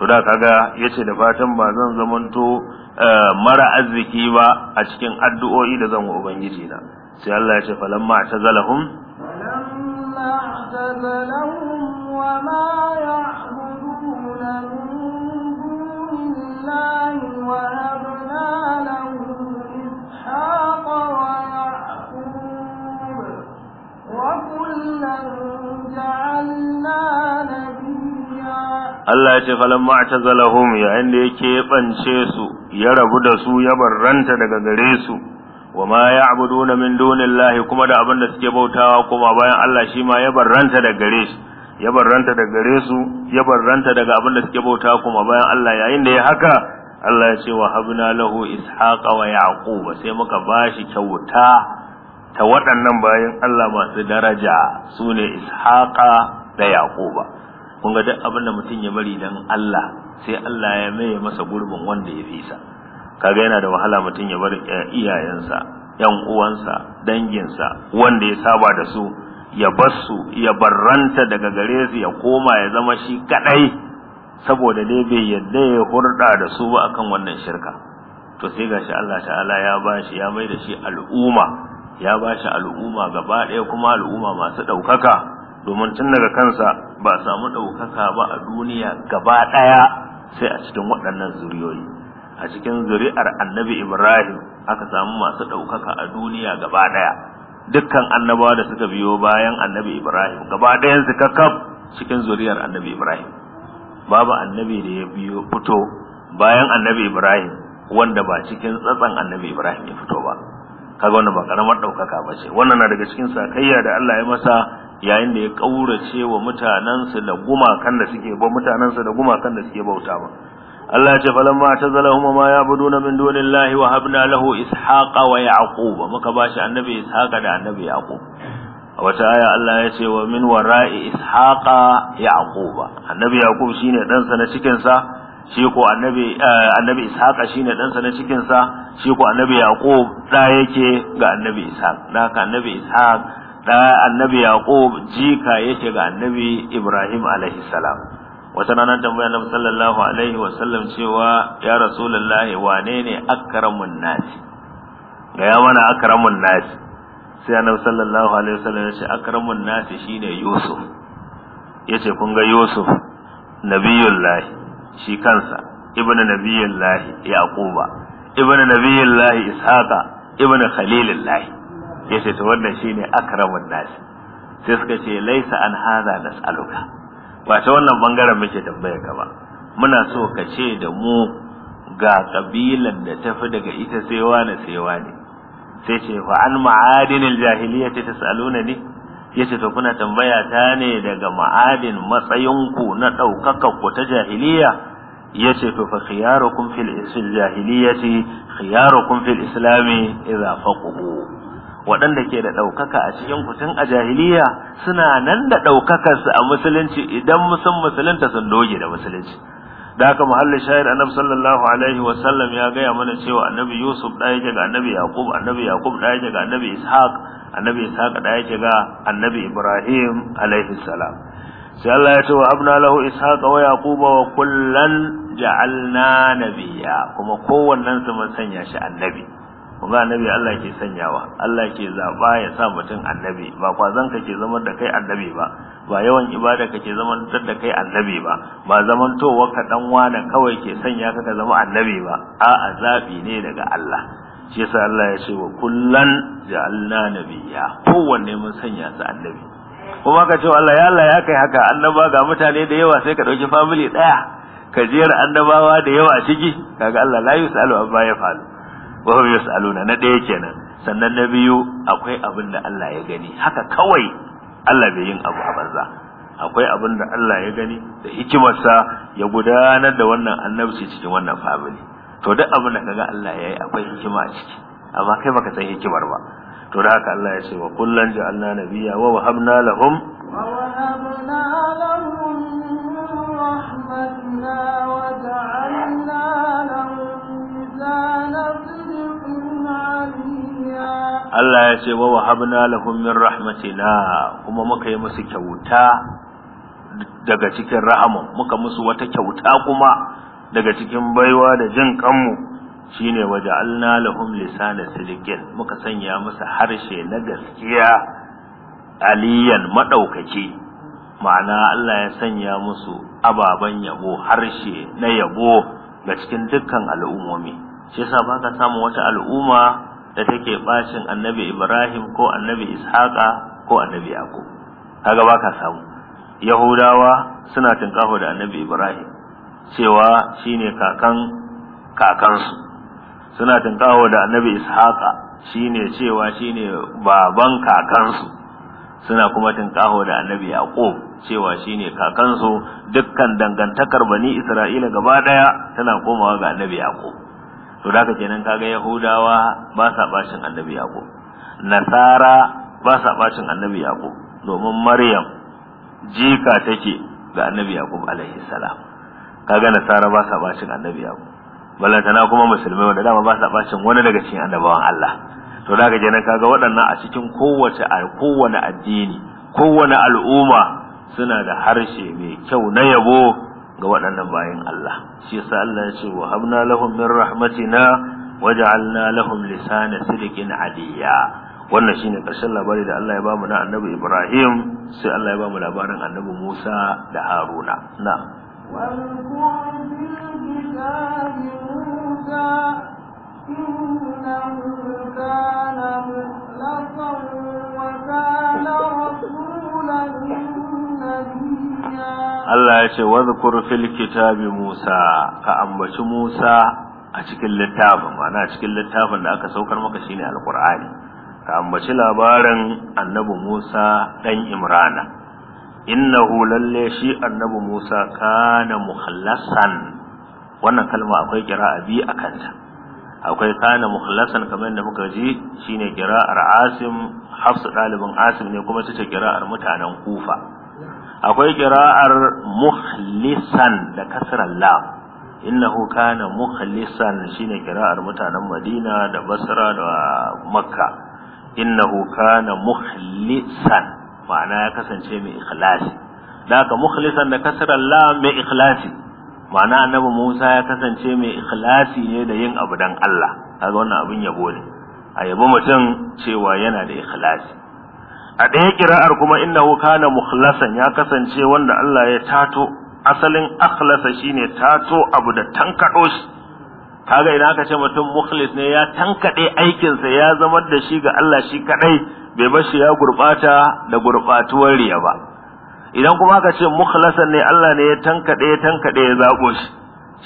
to da kaga yace da fatan ba zan zamanto eh, mara arziki ba a cikin addu'o'i da zan wa ubangiji na sai Allah ya ce falamma tazalahum falamma tazalahum wa ma ya'budu Allah ya ce falan ma'tazalahum yayin da ya bance su ya rabu da su ya barranta daga gare su ya ya'buduna min dunillahi kuma da abin da suke bautawa kuma bayan Allah shi ma ya barranta daga gare shi ya barranta daga gare su ya barranta daga abin da suke bauta kuma bayan Allah yayin da ya haka Allah ya ce wa habna lahu ishaqa wa yaqub sai muka bashi kyauta ta waɗannan bayan Allah masu daraja sune ishaqa da yaqub kun ga duk abin da mutum ya bari dan Allah sai Allah ya maye masa gurbin wanda ya fisa kaga yana da wahala mutum ya bar eh, iyayensa yan uwansa danginsa wanda ya saba da su ya basu ya barranta daga gare su ya koma ya zama shi kadai saboda dai bai yadda ya hurda da su ba akan wannan shirka to sai gashi Allah ta'ala ya bashi ya mai da shi al'umma ya bashi al'umma gaba ɗaya kuma al'umma masu ɗaukaka domin tun daga kansa ba samu ɗaukaka ba a duniya gaba ɗaya sai a cikin waɗannan zuriyoyi a cikin zuri'ar annabi ibrahim aka samu masu ɗaukaka a duniya gaba ɗaya dukkan annabawa da suka biyo bayan annabi Ibrahim gaba ɗayansu ka cikin zuriyar annabi Ibrahim babu annabi da ya biyo fito bayan annabi Ibrahim wanda ba cikin tsatsan annabi Ibrahim ya fito ba kaga wannan ba karamar ɗaukaka ba ce wannan na daga cikin sakayya da Allah ya masa yayin da ya kaurace wa mutanansa da gumakan da suke ba mutanensu da gumakan da suke bauta ba Allah ce falamma tazalahum ma ya na min dunillahi wa habna lahu ishaqa wa yaqub muka bashi annabi ishaqa da annabi yaqub a wata aya Allah ya ce wa min wara'i ishaqa yaqub annabi yaqub shine dan sa na cikin sa shi ko annabi eh, annabi ishaqa shine dan sa na cikin sa shi ko annabi yaqub da yake ga annabi ishaq da ka annabi ishaq da annabi yaqub jika yake ga annabi ibrahim alaihi salam wata rana tambaya na sallallahu alaihi wa sallam cewa ya rasulullahi wane ne akramun nasi ga ya mana akramun nasi sai annabi sallallahu alaihi wa sallam ya ce akramun nasi shine yusuf yace kun ga yusuf nabiyullahi shi kansa ibnu nabiyullahi yaquba ibnu nabiyullahi ishaqa ibnu khalilullahi yace to wannan shine akramun nasi sai suka ce laisa an hadha nas'aluka ba ta wannan bangaren muke tambayar ka ba muna so ka ce da mu ga kabilan da ta fi daga ita saiwa na tsewa ne. sai ce fa an ta ta tasaluna ne yace to kuna tambaya ta ne daga ma'adin matsayinku na daukakar ku ta jahiliya yace to fa khiyarukum fil jahiliyyati khiyarukum fil islami idza faquhu waɗanda ke da ɗaukaka a cikin kutun a jahiliya suna nan da ɗaukakarsu a musulunci idan sun musulunta sun doge da musulunci da haka shayar a annabi sallallahu alaihi wa sallam ya gaya mana cewa annabi yusuf ɗaya ke ga annabi yaƙub annabi yaƙub ɗaya ke ga annabi ishaq annabi ishaq ɗaya ke ga annabi ibrahim alaihi salam sai Allah ya ce wa abna lahu ishaq wa yaquba wa kullan ja'alna nabiya kuma kowannen su mun sanya shi annabi kun ga annabi Allah ke sanyawa Allah ke zaba ya sa mutum annabi ba kwazan kake ke zama da kai annabi ba ba yawan ibada kake ke zaman da kai annabi ba ba zaman towa ka dan wani kawai ke sanya ka ka zama annabi ba a'a zabi ne daga Allah shi yasa Allah ya ce wa kullan ja'alna nabiyya kowanne mun sanya su annabi kuma ka ce Allah ya Allah ya kai haka annaba ga mutane da yawa sai ka dauki family daya kajiyar annabawa da yawa ciki kaga Allah la yusalu Abba ya falu wa hum yas'aluna na ɗaya kenan sannan na biyu akwai abin da Allah ya gani haka kawai Allah bai yin abu a banza akwai abin da Allah ya gani da hikimarsa ya gudanar da wannan annabci cikin wannan family to duk abin da kaga Allah yayi yi akwai hikima a ciki amma kai baka san hikimar ba to da haka Allah ya ce wa kullan ja'alna nabiyya wa wahabna lahum wa wahabna lahum lahum Allah ya ce wa wahabna lahum min rahmatina kuma muka yi musu kyauta daga cikin rahama muka musu wata kyauta kuma daga cikin baiwa da jin kanmu shine waja'alna lahum lisana sidqin muka sanya musu harshe na gaskiya aliyan madaukaki ma'ana Allah ya sanya musu ababan yabo harshe na yabo ga cikin dukkan al'ummomi shi yasa baka samu wata al'umma da take bacin annabi Ibrahim ko annabi Ishaqa ko annabi Yaqub kaga baka samu Yahudawa suna tinkaho da annabi Ibrahim cewa shine kakan kakansu suna tinkaho da annabi Ishaqa shine cewa shine baban kakansu suna kuma tinkaho da annabi Yaqub cewa shine kakansu dukkan dangantakar bani Isra'ila gaba daya tana komawa ga Annabi Yaqub to da ka kenan kaga yahudawa ba sa bacin annabi yaqub nasara ba sa bacin annabi yaqub domin maryam jika take ga annabi yaqub alaihi salam kaga nasara ba sa bacin annabi yaqub ballantana kuma musulmai wanda dama ba sa bacin wani daga cikin annabawan Allah to da ka kenan kaga waɗannan a cikin kowace kowace addini kowace al'umma suna da harshe mai kyau na yabo ga waɗannan bayan Allah shi yasa Allah ya ce wa habna lahum min rahmatina waja'alna lahum lisana sidqin aliya wannan shine ƙarshen labari da Allah ya mu na Annabi Ibrahim sai Allah ya bamu labarin Annabi Musa da Haruna na Allah ya ce wazkur fil kitabi Musa ka ambaci Musa a cikin littafin ma'ana cikin littafin da aka saukar maka shine alqur'ani ka ambaci labarin annabi Musa dan Imrana innahu lalle shi annabi Musa kana muhallasan wannan kalma akwai kira'a bi ta akwai kana mukhallasan kamar yadda muka ji shine kira'ar Asim Hafsu dalibin Asim ne kuma tace kira'ar mutanen Kufa akwai kira'ar mukhlisan da kasran la innahu kana mukhlisan shine kira'ar mutanen Madina da Basra da Makka innahu kana mukhlisan ma'ana ya kasance mai ikhlasi da ka mukhlisan da kasran la mai ikhlasi ma'ana annabi Musa ya kasance mai ikhlasi ne da yin abu dan Allah kaga wannan abin yabo ne a yabo mutum cewa yana da ikhlasi a ɗaya ƙira'ar kuma innahu kana mukhlasan ya kasance wanda Allah ya tato asalin akhlasa shine tato abu da tankaɗo shi kaga idan aka ce mutum mukhlis ne ya tankaɗe aikinsa ya zama da shi ga Allah shi kaɗai bai bar shi ya gurɓata da gurɓatuwar riya ba idan kuma aka ce mukhlasan ne Allah ne ya tankaɗe ya tankaɗe ya zaɓo shi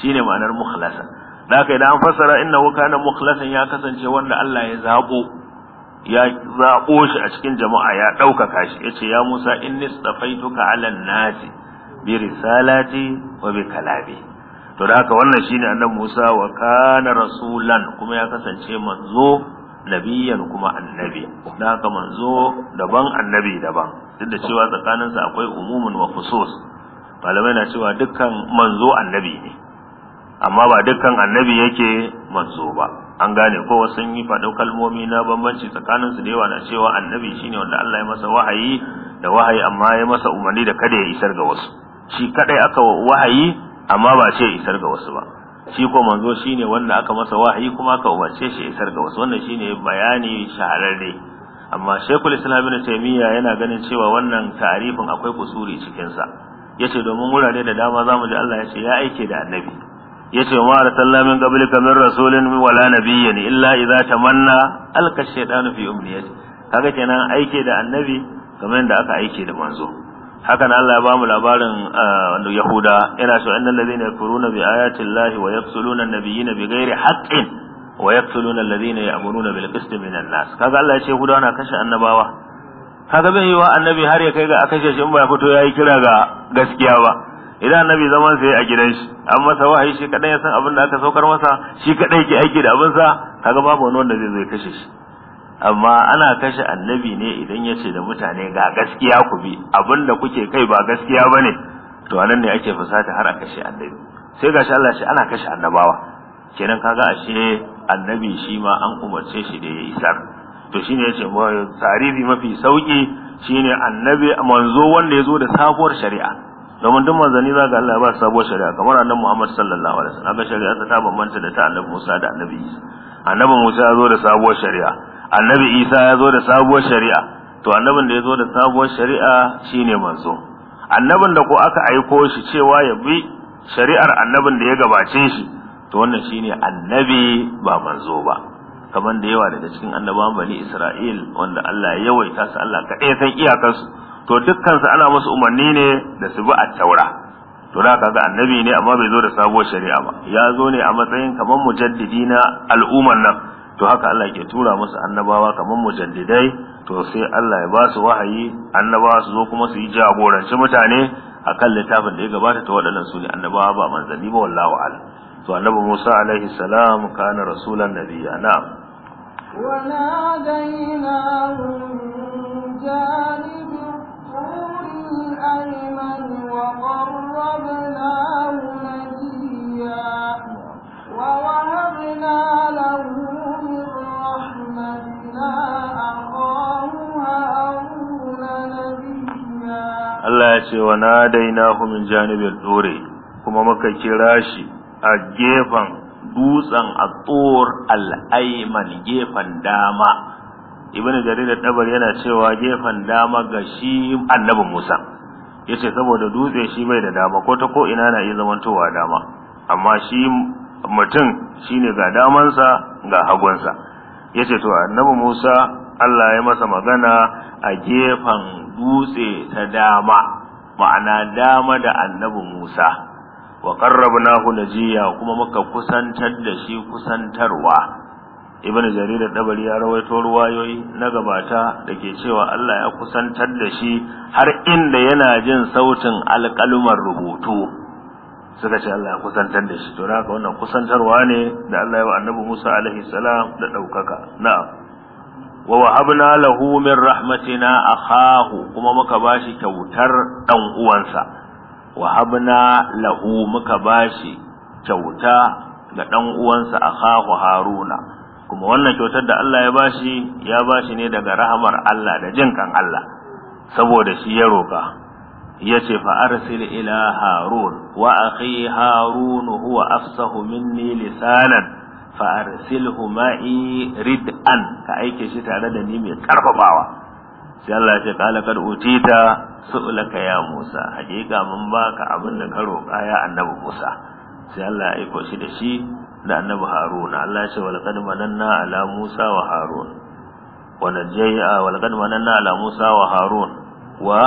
shine ma'anar mukhlasan da haka idan an fassara innahu kana mukhlasan ya kasance wanda Allah ya zaɓo ya zaɓo shi a cikin jama'a ya ɗaukaka shi ya ce ya musa in nistafaituka ala nasi bi risalati wa bi kalami to da haka wannan shine annabi musa wa kana rasulan kuma ya kasance manzo nabiyan kuma annabi da haka manzo daban annabi daban duk da cewa tsakaninsa akwai umumin wa khusus malamai na cewa dukkan manzo annabi ne amma ba dukkan annabi yake manzo ba an gane ko sun yi faɗo kalmomi na bambanci tsakanin su da yawa na cewa annabi shine wanda Allah ya masa wahayi da wahayi amma ya masa umarni da kada ya isar ga wasu shi kadai aka wahayi amma ba ce isar ga wasu ba shi ko manzo shine wanda aka masa wahayi kuma aka umarce shi isar ga wasu wannan shine bayani shahararre amma shekul Islam Ibn Taymiyyah yana ganin cewa wannan tarifin akwai kusuri cikinsa, yace domin wurare da dama zamu ji Allah ya ce ya aike da annabi yace ma arsalna min qablika min rasulin wala nabiyyin illa idza tamanna alka shaytanu fi umniyati kaga kenan aike da annabi kamar yadda aka aike da manzo hakan Allah ya bamu labarin ah, Yahuda yana so annal ladina yakuruna bi ayati llahi wa yaqtuluna an bi ghairi haqqin wa yaqtuluna alladhina ya'muruna bil qisti minan nas kaga Allah ya ce Yahuda na kashe annabawa kaga bai yi wa annabi har ya kai ga aka ce shi in ba ya fito yayi kira ga gaskiya ba idan annabi zaman sai a gidan shi an masa wahayi shi kadai ya san abin da aka saukar masa shi kadai ke aiki da abin sa kaga babu wani wanda zai zo kashe shi amma ana kashe annabi ne idan ya ce da mutane ga gaskiya ku bi abin da kuke kai ba gaskiya ba ne to anan ne ake fusata har a kashe annabi sai gashi Allah shi ana kashe annabawa kenan kaga ashe annabi shi ma an umarce shi da ya isar to shine yace tarihi mafi sauki shine annabi manzo wanda ya zo da sabuwar shari'a domin duk manzanni za ga Allah ya ba sabuwar shari'a kamar annabi Muhammad sallallahu alaihi wasallam ga shari'a ta bambanta da ta annabi Musa da annabi Isa annabi Musa ya zo da sabuwar shari'a annabi Isa ya zo da sabuwar shari'a to annabin da ya zo da sabuwar shari'a shine manzo annabin da ko aka aiko shi cewa ya bi shari'ar annabin da ya gabace shi to wannan shine annabi ba manzo ba kamar da yawa daga cikin annabawan bani Isra'il wanda Allah ya yawaita su Allah kaɗai san iyakansu to dukkan ana masu umarni ne da su bi a taura to da kaga annabi ne amma bai zo da sabuwar shari'a ba ya zo ne a matsayin kamar mujaddidi na al'ummar nan to haka Allah ke tura musu annabawa kamar mujaddidai to sai Allah ya ba su wahayi annabawa su zo kuma su yi jagoranci mutane akan littafin da ya gabata ta waɗannan su ne annabawa ba manzanni ba wallahu a'lam to annabi Musa alaihi salam kana rasulan nabiyya na وناديناه من جانب أيمن وقربناه نجيا ووهبنا له من رحمتنا أخاه هارون نبيا الله يشي وناديناه من جانب الدور kuma muka kira shi a gefen dutsen a tsohon al'aiman gefen dama ibn jarir da dabar yana cewa gefen dama ga shi annabi Musa yace saboda dutse shi bai da dama ko ta ko ina na iya zamantowa dama amma shi mutum shine ga damansa ga hagunsa yace to annabi Musa Allah ya masa magana a gefen dutse ta dama ma'ana dama da annabi Musa wa qarrabnahu najiya kuma muka kusantar da shi kusantarwa ibn jarir dabari ya rawaito ruwayoyi na gabata da ke cewa Allah ya kusantar da shi har inda yana jin sautin alƙaluman rubutu suka ce Allah ya kusantar da shi to haka wannan kusantarwa ne da Allah ya wa annabi Musa alaihi salam da daukaka na'am wa wahabna lahu min rahmatina akhahu kuma muka bashi kyautar dan uwansa wahabna lahu muka bashi kyauta ga dan uwansa akhahu haruna kuma wannan kyautar da Allah ya bashi ya bashi ne daga rahamar Allah da jin kan Allah saboda shi ya roka yace fa arsil ila harun wa akhi harun huwa afsahu minni lisanan fa arsilhu ma'i rid'an ka aike shi tare da ni mai karfafawa sai Allah ce kala kad utita su'laka ya Musa hakika mun baka abin da ka roƙa ya annabi Musa sai Allah ya aiko shi da shi da annabi Haruna. Allah ya ce wal qad mananna ala musa wa harun wa najayna wal qad mananna ala musa wa harun wa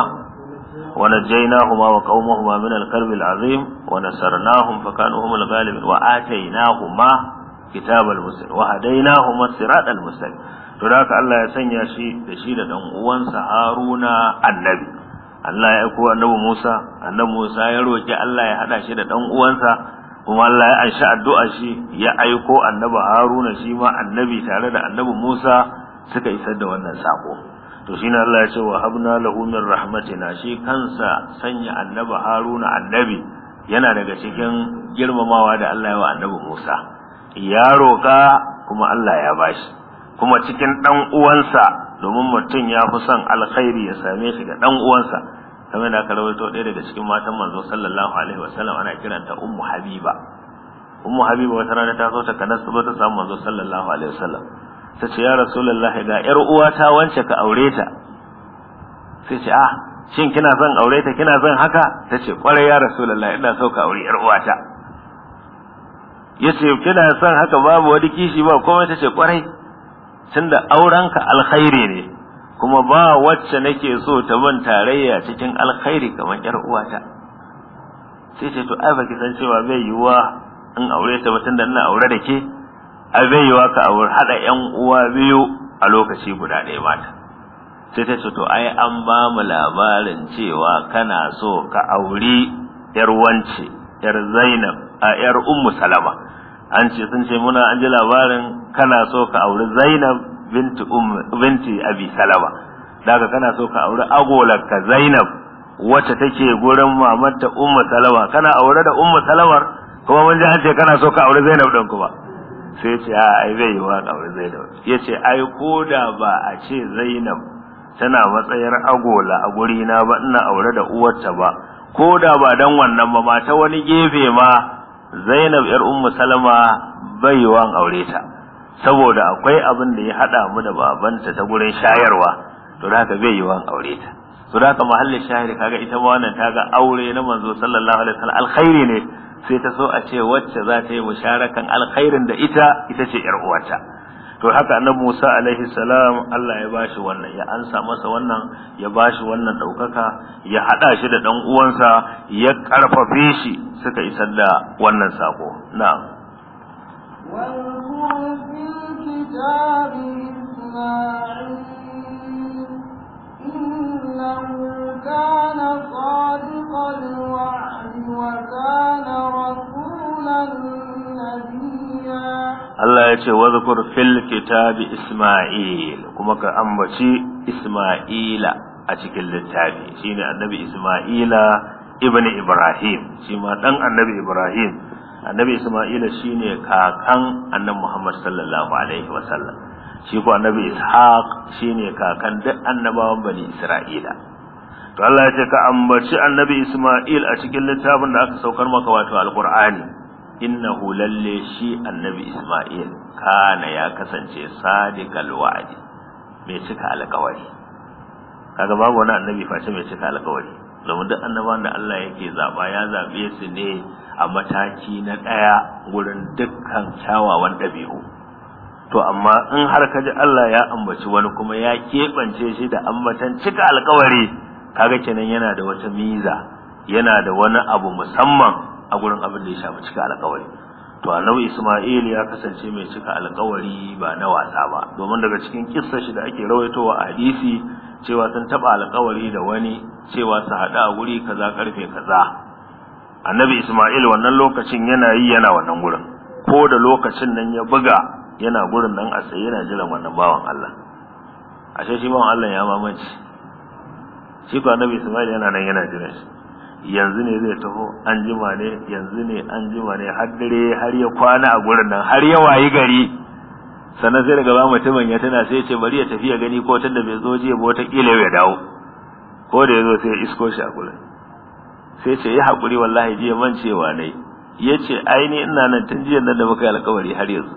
wa najaynahuma wa qaumahuma min al karbi al azim wa nasarnahum fa kanu hum al ghalibin wa atainahuma kitabal mustaqim wa hadainahuma siratal mustaqim to da haka Allah ya sanya shi da shi da dan uwansa haruna annabi Allah ya aiko annabi Musa annabi Musa ya roki Allah ya hada shi da dan uwansa kuma Allah ya addu'a shi ya aiko annabi Haruna shi ma annabi tare da annabi Musa suka isar da wannan sako to ne Allah ya ce wa habna lahu min rahmatina shi kansa sanya annabi Haruna annabi yana daga cikin girmamawa da Allah ya wa annabi Musa ya roka kuma Allah ya bashi kuma cikin dan uwansa domin mutum ya fi son alkhairi ya same shi ga dan uwansa kuma da aka rawaito ɗaya daga cikin matan manzo sallallahu alaihi wasallam ana kiranta ummu habiba ummu habiba wata rana ta zo ta kana ta ta samu manzo sallallahu alaihi wasallam ta ce ya rasulullah ga yar uwa ta wance ka aure ta sai ce ah shin kina son aure ta kina son haka ta ce kwarai ya rasulullah ina so ka aure yar uwa ta yace kina son haka babu wani kishi ba kuma ta ce kwarai tunda aurenka alkhairi ne kuma ba wacce nake so ta ban tarayya cikin alkhairi kamar yar uwata sai ce to ai baki san cewa bai yiwa in aure ta batun da ina aure da ke ai bai yiwa ka aure hada yan uwa biyu a lokaci guda ɗaya mata sai ta ce to ai an ba mu labarin cewa kana so ka auri yar wance yar Zainab a yar Ummu Salama an ce sun ce muna an ji labarin kana so ka auri Zainab binti um binti abi salama daga kana so ka aure agolar ka zainab wacce take gurin mamanta ummu salama kana aure da ummu salamar kuma mun ji an ce kana so ka aure zainab din kuma sai ce a ai zai yi wa aure zainab yace ai koda ba a ce zainab tana matsayar agola a guri na ba ina aure da uwarta ba koda ba dan wannan ba mata wani gefe ma zainab yar ummu salama bai yi aure ta saboda akwai abin da ya hada mu da babanta ta gurin shayarwa to da haka bai yi wan aure ta to da haka mahallin shayar kaga ita ma wannan taga aure na manzo sallallahu alaihi wasallam alkhairi ne sai ta so a ce wacce za ta yi musharakan alkhairin da ita ita ce yar uwata. to haka annabi Musa alaihi salam Allah ya bashi wannan ya ansa masa wannan ya bashi wannan daukaka ya hada shi da dan uwansa ya karfafe shi suka isar da wannan sako na'am واذكر في الكتاب إسماعيل إنه كان صادق الوعد وكان رسولا نبيا Allah ya ce wazukur fil kitabi Isma'il kuma ka ambaci Isma'ila a cikin littafi shine annabi Isma'ila ibn Ibrahim shi ma dan annabi Ibrahim annabi Isma'ila shine kakan annan Muhammad sallallahu alaihi wasallam shi ko annabi Ishaq shine kakan duk annabawan bani Isra'ila to Allah ya ce ka ambaci annabi Isma'il a cikin littafin da aka saukar maka wato alqur'ani innahu lalle shi annabi Isma'il kana ya kasance sadiqal wa'di mai cika alƙawari kaga babu wani annabi face mai cika alƙawari domin duk annabawan da Allah yake zaɓa ya zaɓe su ne a mataki na ɗaya wurin dukkan kyawawan ɗabi'u to amma in har ka ji Allah ya ambaci wani kuma ya keɓance shi da ambatan cika alkawari kaga kenan yana da wata miza yana da wani abu musamman a gurin abin da ya shafi cika alkawari to annabi Isma'il ya kasance mai cika alkawari ba na wasa ba domin daga cikin kissa shi da ake rawaitowa a hadisi cewa sun taba alƙawari da wani cewa su haɗu a guri kaza karfe kaza annabi Isma'il wannan lokacin yana yi yana wannan gurin ko da lokacin nan ya buga yana gurin nan a tsaye yana jiran wannan bawan Allah ashe shi bawan Allah ya mamaci shi ko annabi Isma'il yana nan yana jiran shi yanzu ne zai taho an jima ne yanzu ne an jima ne har dare har ya kwana a gurin nan har ya wayi gari sannan sai daga ba mutumin ya tana sai ce bari ya tafi ya gani ko tunda bai zo jiya ba wata kila ya dawo ko da ya zo sai isko shi a gurin sai ce ya hakuri wallahi jiya man cewa ne ya ce aini ina nan tun jiya nan da muka yi alƙawari har yanzu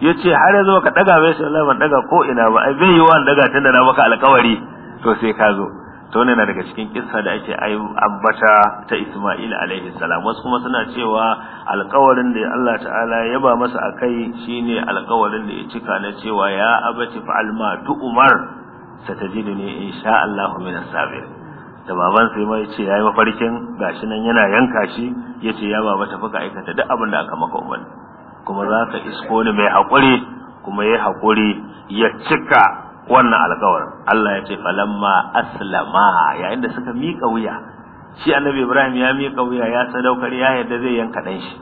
ya har yanzu baka ɗaga bai shi wallahi ɗaga ko ina ba ai bai yi wa daga tunda da na maka alƙawari to sai ka zo to ne na daga cikin kissa da ake ambata ta Isma'il alaihi salam wasu kuma suna cewa alƙawarin da Allah ta'ala ya ba masa akai shine alƙawarin da ya cika na cewa ya abati fa'al ma tu'mar satajiduni insha Allah min as-sabir da baban sai mai ce yayi mafarkin gashi nan yana yanka shi yace ya baba tafi ka aikata duk abin da aka maka umarni kuma za ka isko ni mai haƙuri kuma yayi haƙuri ya cika wannan alkawarin Allah ya ce falamma aslama yayin da suka miƙa wuya shi annabi Ibrahim ya miƙa wuya ya sadaukar ya yarda zai yanka dan shi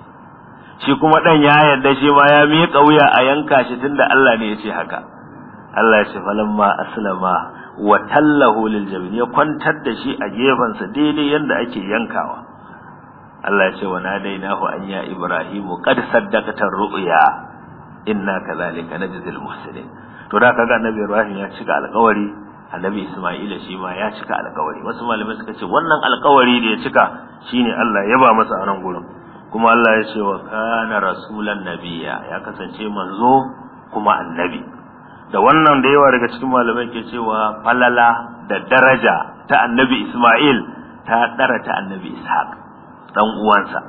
shi kuma dan ya yarda shi ma ya miƙa wuya a yanka shi tunda Allah ne ya ce haka Allah ya ce falamma aslama wa tallahu lil jabin ya kwantar da shi a gefen sa daidai yanda ake yankawa Allah ya ce wa nadainahu an ya ibrahimu qad saddaqta ru'ya inna kadhalika najzil muhsinin to da kaga annabi Ibrahim ya cika alƙawari annabi Isma'ila shi ma ya cika alƙawari wasu malamai suka ce wannan alƙawari da ya cika shine Allah ya ba masa aran gurin kuma Allah ya ce wa kana rasulan nabiyya ya kasance manzo kuma annabi da wannan da yawa daga cikin malamai ke cewa falala da daraja ta annabi Isma'il ta ɗara ta annabi Ishaq dan uwansa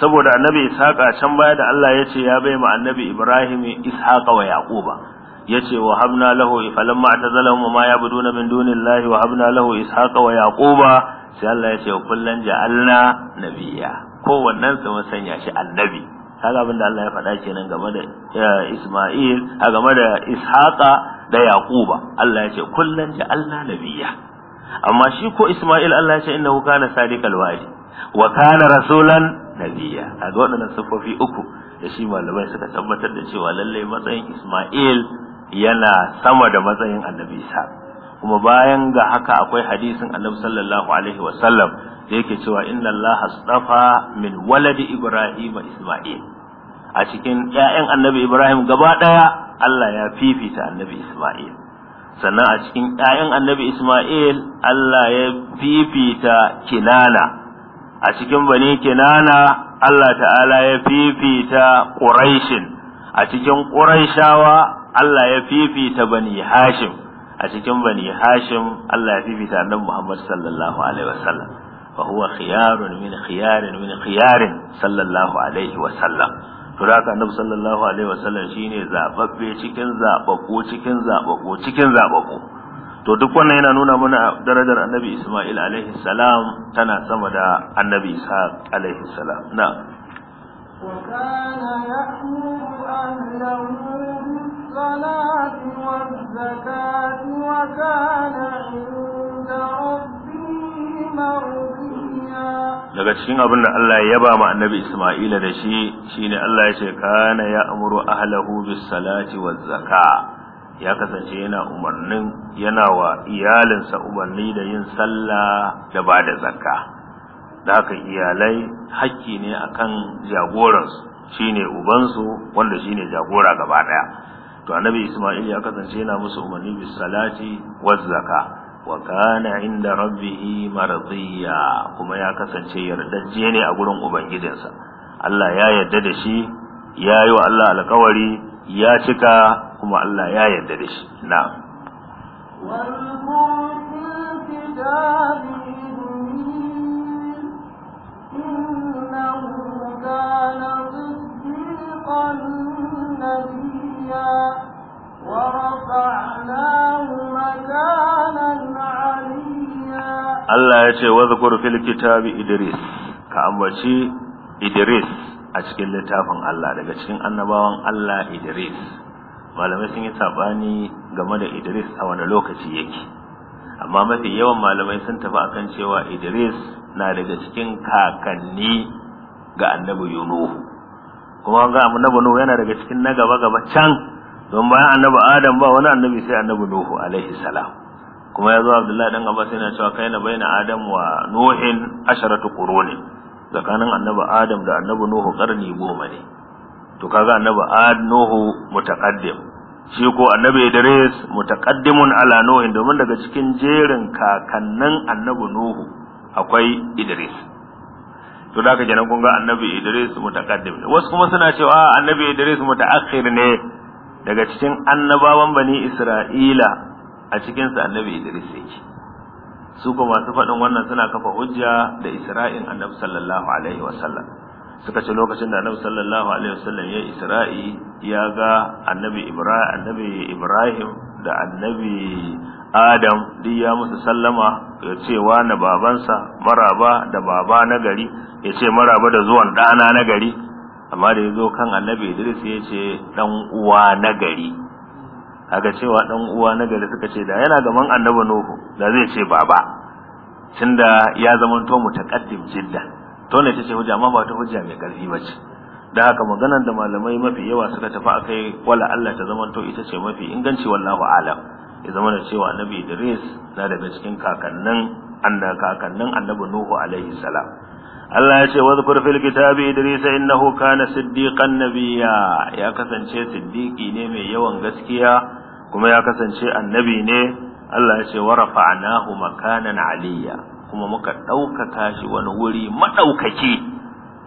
saboda annabi Ishaq a can baya da Allah ya ce ya bai ma annabi ibrahim ishaqa wa yaquba yace wa habna lahu falamma atazalahum ma yabuduna min dunillahi wa habna lahu ishaqa wa yaquba sai Allah yace wa kullan ja'alna nabiyya ko wannan sa mun sanya shi annabi kaga abinda Allah ya faɗa kenan game da eh, Isma'il a game da Ishaqa da Yaquba Allah yace ce kullan ja'alna nabiyya amma shi ko Isma'il Allah ya ce innahu kana sadiqal wa'di wa kana rasulan nabiyya kaga waɗannan siffofi uku da shi malamai suka tabbatar da cewa lallai matsayin Isma'il yana sama da matsayin annabi isa kuma bayan ga haka akwai hadisin annabi sallallahu alaihi wasallam da yake cewa inna Allah astafa min waladi ibrahim isma'il a cikin ƴaƴan annabi ibrahim gaba daya Allah ya fifita annabi isma'il sannan a cikin ƴaƴan annabi isma'il Allah ya fifita kinana a cikin bani kinana Allah ta'ala ya fifita quraishin a cikin quraishawa Allah ya fifita bani Hashim a cikin bani Hashim Allah ya fifita nan Muhammad sallallahu alaihi wasallam fa huwa khiyarun min khiyarin min khiyarin sallallahu alaihi wasallam to da haka annabi sallallahu alaihi wasallam shine zababbe cikin zababbo cikin zababbo cikin zababbo to duk wannan yana nuna mana darajar annabi Isma'il alaihi salam tana sama da annabi Isa alaihi salam na'am وكان يأمر أهله بالصلاة والزكاة وكان عند ربه مرضيا daga cikin abin da Allah ya ba ma annabi Isma'ila da shi shine Allah ya ce kana ya amuru ahlahu bis salati waz zaka ya kasance yana umarnin yana wa iyalinsa umarni da yin sallah da ba da zakka da haka iyalai hakki ne akan jagoransu shine ubansu wanda shine jagora gaba daya to annabi Isma'il ya kasance yana musu umarni bis salati waz zaka wa kana inda rabbih mardiya kuma ya kasance yardaje ne a gurin ubangijinsa Allah ya yarda da shi ya yi wa Allah alkawari ya cika kuma Allah ya yarda da shi na'am Allah ya ce ورفعناه مكانا عليا الله يتي واذكر Idris, الكتاب إدريس كأمبتي إدريس daga cikin annabawan Allah Idris malamai sun yi saɓani game da Idris a wani lokaci yake amma mafi yawan malamai sun tafi akan cewa Idris na daga cikin kakanni ga annabi nuhu. kuma ga annabi nuhu yana daga cikin na gaba gaba can don bayan annabi adam ba wani annabi sai annabi nuhu alaihi salam kuma ya zo abdullahi dan abbas yana cewa kai na bayyana adam wa nuhin asharatu quruni Zakanin annabi adam da annabi nuhu karni goma ne to kaga annabi ad nuhu mutaqaddim shi ko annabi Idris mutaqaddimun ala Nuh domin daga cikin jerin kakannin annabi Nuhu akwai Idris to da ka kenan kun ga annabi Idris mutaqaddim ne wasu kuma suna cewa ah, annabi Idris mutaakhir ne daga cikin annabawan bani Isra'ila a cikin sa annabi Idris yake su kuma masu faɗin wannan suna kafa hujja da Isra'in annabi sallallahu alaihi wasallam suka ce lokacin da annabi sallallahu alaihi wasallam ya Isra'i ya ga annabi Ibrahim annabi Ibrahim da annabi adam duk ya musu sallama ya ce na babansa maraba da baba na gari ya ce maraba da zuwan dana na gari amma da ya zo kan annabi idris ya ce ɗan uwa na gari kaga cewa ɗan uwa na gari suka ce da yana gaban annabi nuhu da zai ce baba tunda ya zama to mutaqaddim jidda to ne tace hujja amma ba ta hujja mai karfi ce da haka maganar da malamai mafi yawa suka tafi akai wala Allah ta zama to ita ce mafi inganci wallahu alam ya zama da cewa annabi Idris na daga cikin kakannin anna kakannin annabi Nuhu alaihi salam Allah ya ce wa zkur fil kitabi Idris innahu kana siddiqan nabiyya ya kasance siddiqi ne mai yawan gaskiya kuma ya kasance annabi ne Allah ya ce wa rafa'nahu makanan aliyya kuma muka ɗaukaka shi wani wuri madaukaki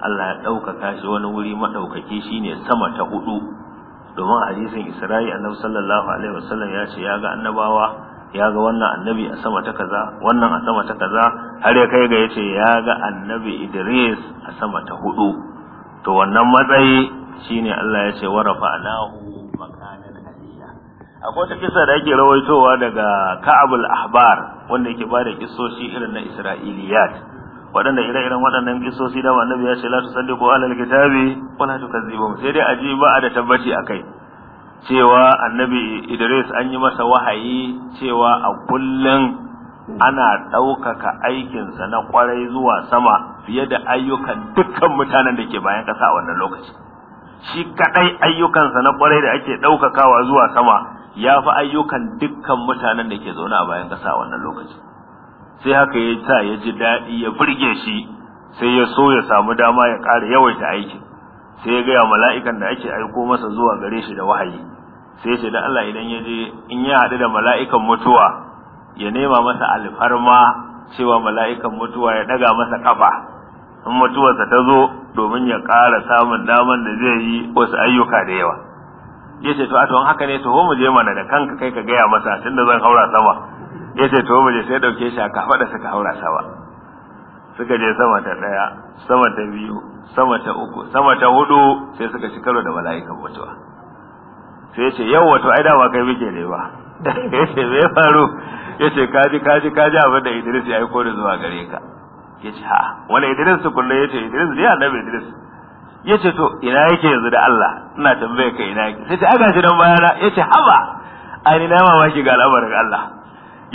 Allah ya ɗaukaka shi wani wuri madaukaki shine sama ta hudu domin hadisin Isra'i annabi sallallahu alaihi wasallam ya ce ya ga annabawa ya ga wannan annabi a sama ta kaza wannan a sama ta kaza har ya kai ga yace ya ga annabi Idris a sama ta hudu to wannan matsayi shine Allah ya ce wa rafa'nahu makanan aliyya akwai wata kisa da ake rawaitowa daga Ka'abul Ahbar wanda yake bada kissoshi irin na Isra'iliyat waɗanda ire-iren waɗannan kisosi da annabi ya ce la ko alal kitabi wala tukazzibu sai dai aji ba da tabbaci akai cewa annabi Idris an yi masa wahayi cewa a kullun ana ɗaukaka aikinsa na kwarai zuwa sama fiye da ayyukan dukkan mutanen da ke bayan ƙasa a wannan lokaci shi kaɗai ayyukansa na kwarai da ake ɗaukakawa zuwa sama ya fi ayyukan dukkan mutanen da ke zaune a bayan ƙasa a wannan lokaci sai haka ya ta ya ji daɗi ya burge shi sai ya so ya samu dama ya ƙara yawaita aiki sai ya gaya mala'ikan da ake aiko masa zuwa gare shi da wahayi sai ce da Allah idan ya je in ya haɗu da mala'ikan mutuwa ya nema masa alfarma cewa mala'ikan mutuwa ya ɗaga masa kafa in mutuwarsa ta zo domin ya ƙara samun daman da zai yi wasu ayyuka da yawa ya to a haka ne to mu je mana da kanka kai ka gaya masa tun da zan haura sama ya ce to mu je sai dauke shi a kafada suka haura sama suka je sama ta daya sama ta biyu sama ta uku sama ta hudu sai suka ci karo da mala'ikan mutuwa sai ya ce yau wato ai dama kai muke ne ba ya ce me faru ya ce kaji kaji kaji abin da Idris ya ko da zuwa gare ka ya ce ha wani Idris kullum ya ce Idris ne annabi Idris ya ce to ina yake yanzu da Allah ina tambaye ka ina yake sai ta aga shi dan bayana ya ce haba ai ni na mamaki ga al'amarin Allah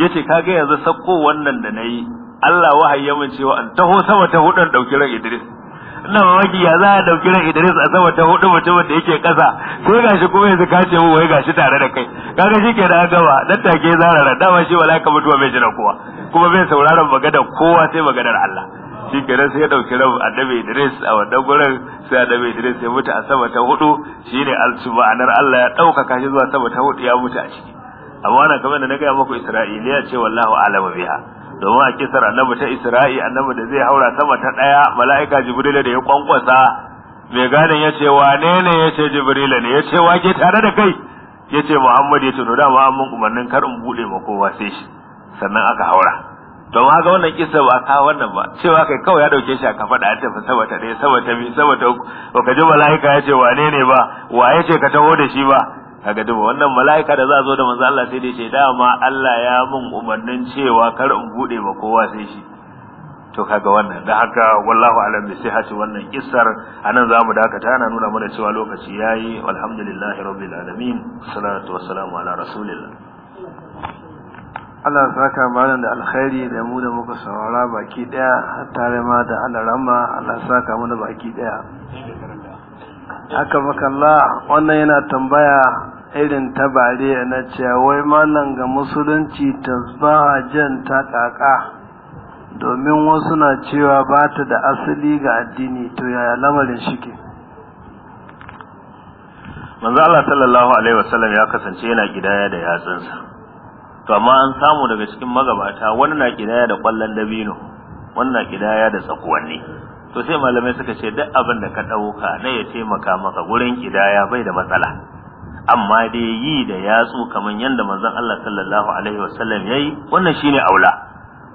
yace kaga yanzu sakko wannan da nayi Allah wahayi min cewa an taho sama ta hudun dauki ran Idris ina mamaki ya za a dauki ran Idris a sama ta hudu mutumin da yake kasa sai gashi kuma yanzu ka ce wai gashi tare da kai kaga shike da gaba dan take zarara dama shi wala ka mutuwa bai jira kowa kuma bai sauraron maganar kowa sai maganar Allah shi kenan sai ya dauki ran annabi Idris a wannan gurin sai annabi Idris ya mutu a sama ta hudu shine al subhanar Allah ya dauka shi zuwa sama ta hudu ya mutu a ciki amma wannan kamar da na gaya muku isra'iliya ce wallahu alama biha domin a kisar annabi ta isra'i annabi da zai haura sama ta daya mala'ika jibril da ya kwankwasa mai gadin ya ce wane ne ya ce jibril ne ya ce wake tare da kai ya ce muhammad ya ce to dama an mun umarnin kar in bude ma kowa sai shi sannan aka haura don haka wannan kisa ba ka wannan ba cewa kai kawai ya dauke shi a kafa da tafi sama ta ɗaya sama ta biyu sama ta uku ka ji mala'ika ya ce wane ne ba wa ya ce ka taho da shi ba kaga duba wannan mala'ika da za a zo da manzo Allah sai dai ce dama Allah ya mun umarnin cewa kar in bude ba kowa sai shi to kaga wannan da haka wallahu alam bi sihhati wannan kissar anan zamu dakata ana nuna mana cewa lokaci yayi alhamdulillahi rabbil alamin salatu wassalamu ala rasulillah Allah saka malam da alkhairi da mu da muka saurara baki daya har tare ma da alarama Allah saka mu da baki daya haka makalla wannan yana tambaya irin ta bare na cewa wai malam ga musulunci tasbaha jan ta kaka domin wasu na cewa ba ta da asali ga addini to yaya lamarin shike manzo Allah sallallahu alaihi wasallam ya kasance yana gidaya da yatsunsa to amma an samu daga cikin magabata wani na gidaya da kwallon dabino wani na gidaya da tsakuwanni to sai malamai suka ce duk abin da ka ɗauka, na ya taimaka maka wurin gidaya bai da matsala amma dai yi da yatsu kamar yadda manzon Allah sallallahu alaihi wasallam yayi wannan shine aula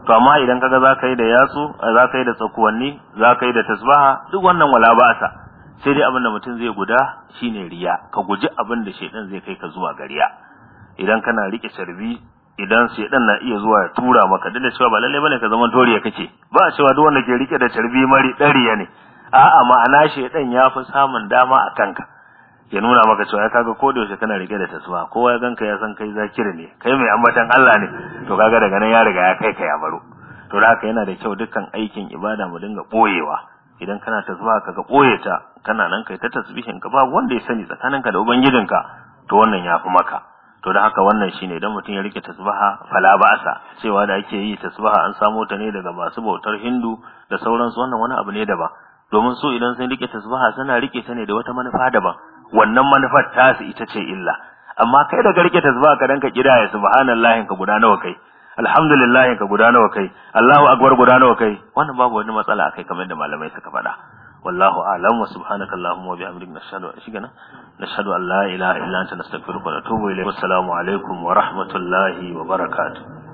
to amma idan kaga za ka yi da yatsu za ka yi da tsakuwanni za yi da tasbaha duk wannan wala ba sa, sai dai abinda da mutum zai guda shine riya ka guji abinda da zai kai ka zuwa gariya idan kana rike sharbi idan shedan na iya zuwa ya tura maka duk cewa ba lalle bane ka zama toriya kake ba a cewa duk wanda ke rike da sharbi mari dariya ne a'a ma'ana shaiɗan ya fi samun dama a kanka ya nuna maka cewa ya kaga ko da yaushe kana rike da tasba kowa ya ganka ya san kai zakiri ne kai mai ambatan Allah ne to kaga daga nan ya riga ya kai ka ya baro to da haka yana da kyau dukkan aikin ibada mu dinga boyewa idan kana tasba kaga boye ta kana nan kai ta tasbihin ka babu wanda ya sani tsakaninka da ubangijinka to wannan ya fi maka to da haka wannan shine idan mutum ya rike tasbaha fala asa cewa da ake yi tasbaha an samo ta ne daga masu bautar Hindu da sauransu wannan wani abu ne daban domin su idan sun rike tasbaha suna rike ta ne da wata manufa daban wannan manufar ta su ita ce illa amma kai da garke tasbih ka danka kidaya subhanallahi ka guda nawa kai alhamdulillah ka guda nawa kai Allahu akbar guda nawa kai wannan babu wani matsala akai kamar da malamai suka faɗa wallahu a'lam wa subhanaka allahumma wa bihamdika nashhadu an na nashhadu an la ilaha illa anta nastaghfiruka wa natubu ilayk assalamu alaikum wa rahmatullahi wa barakatuh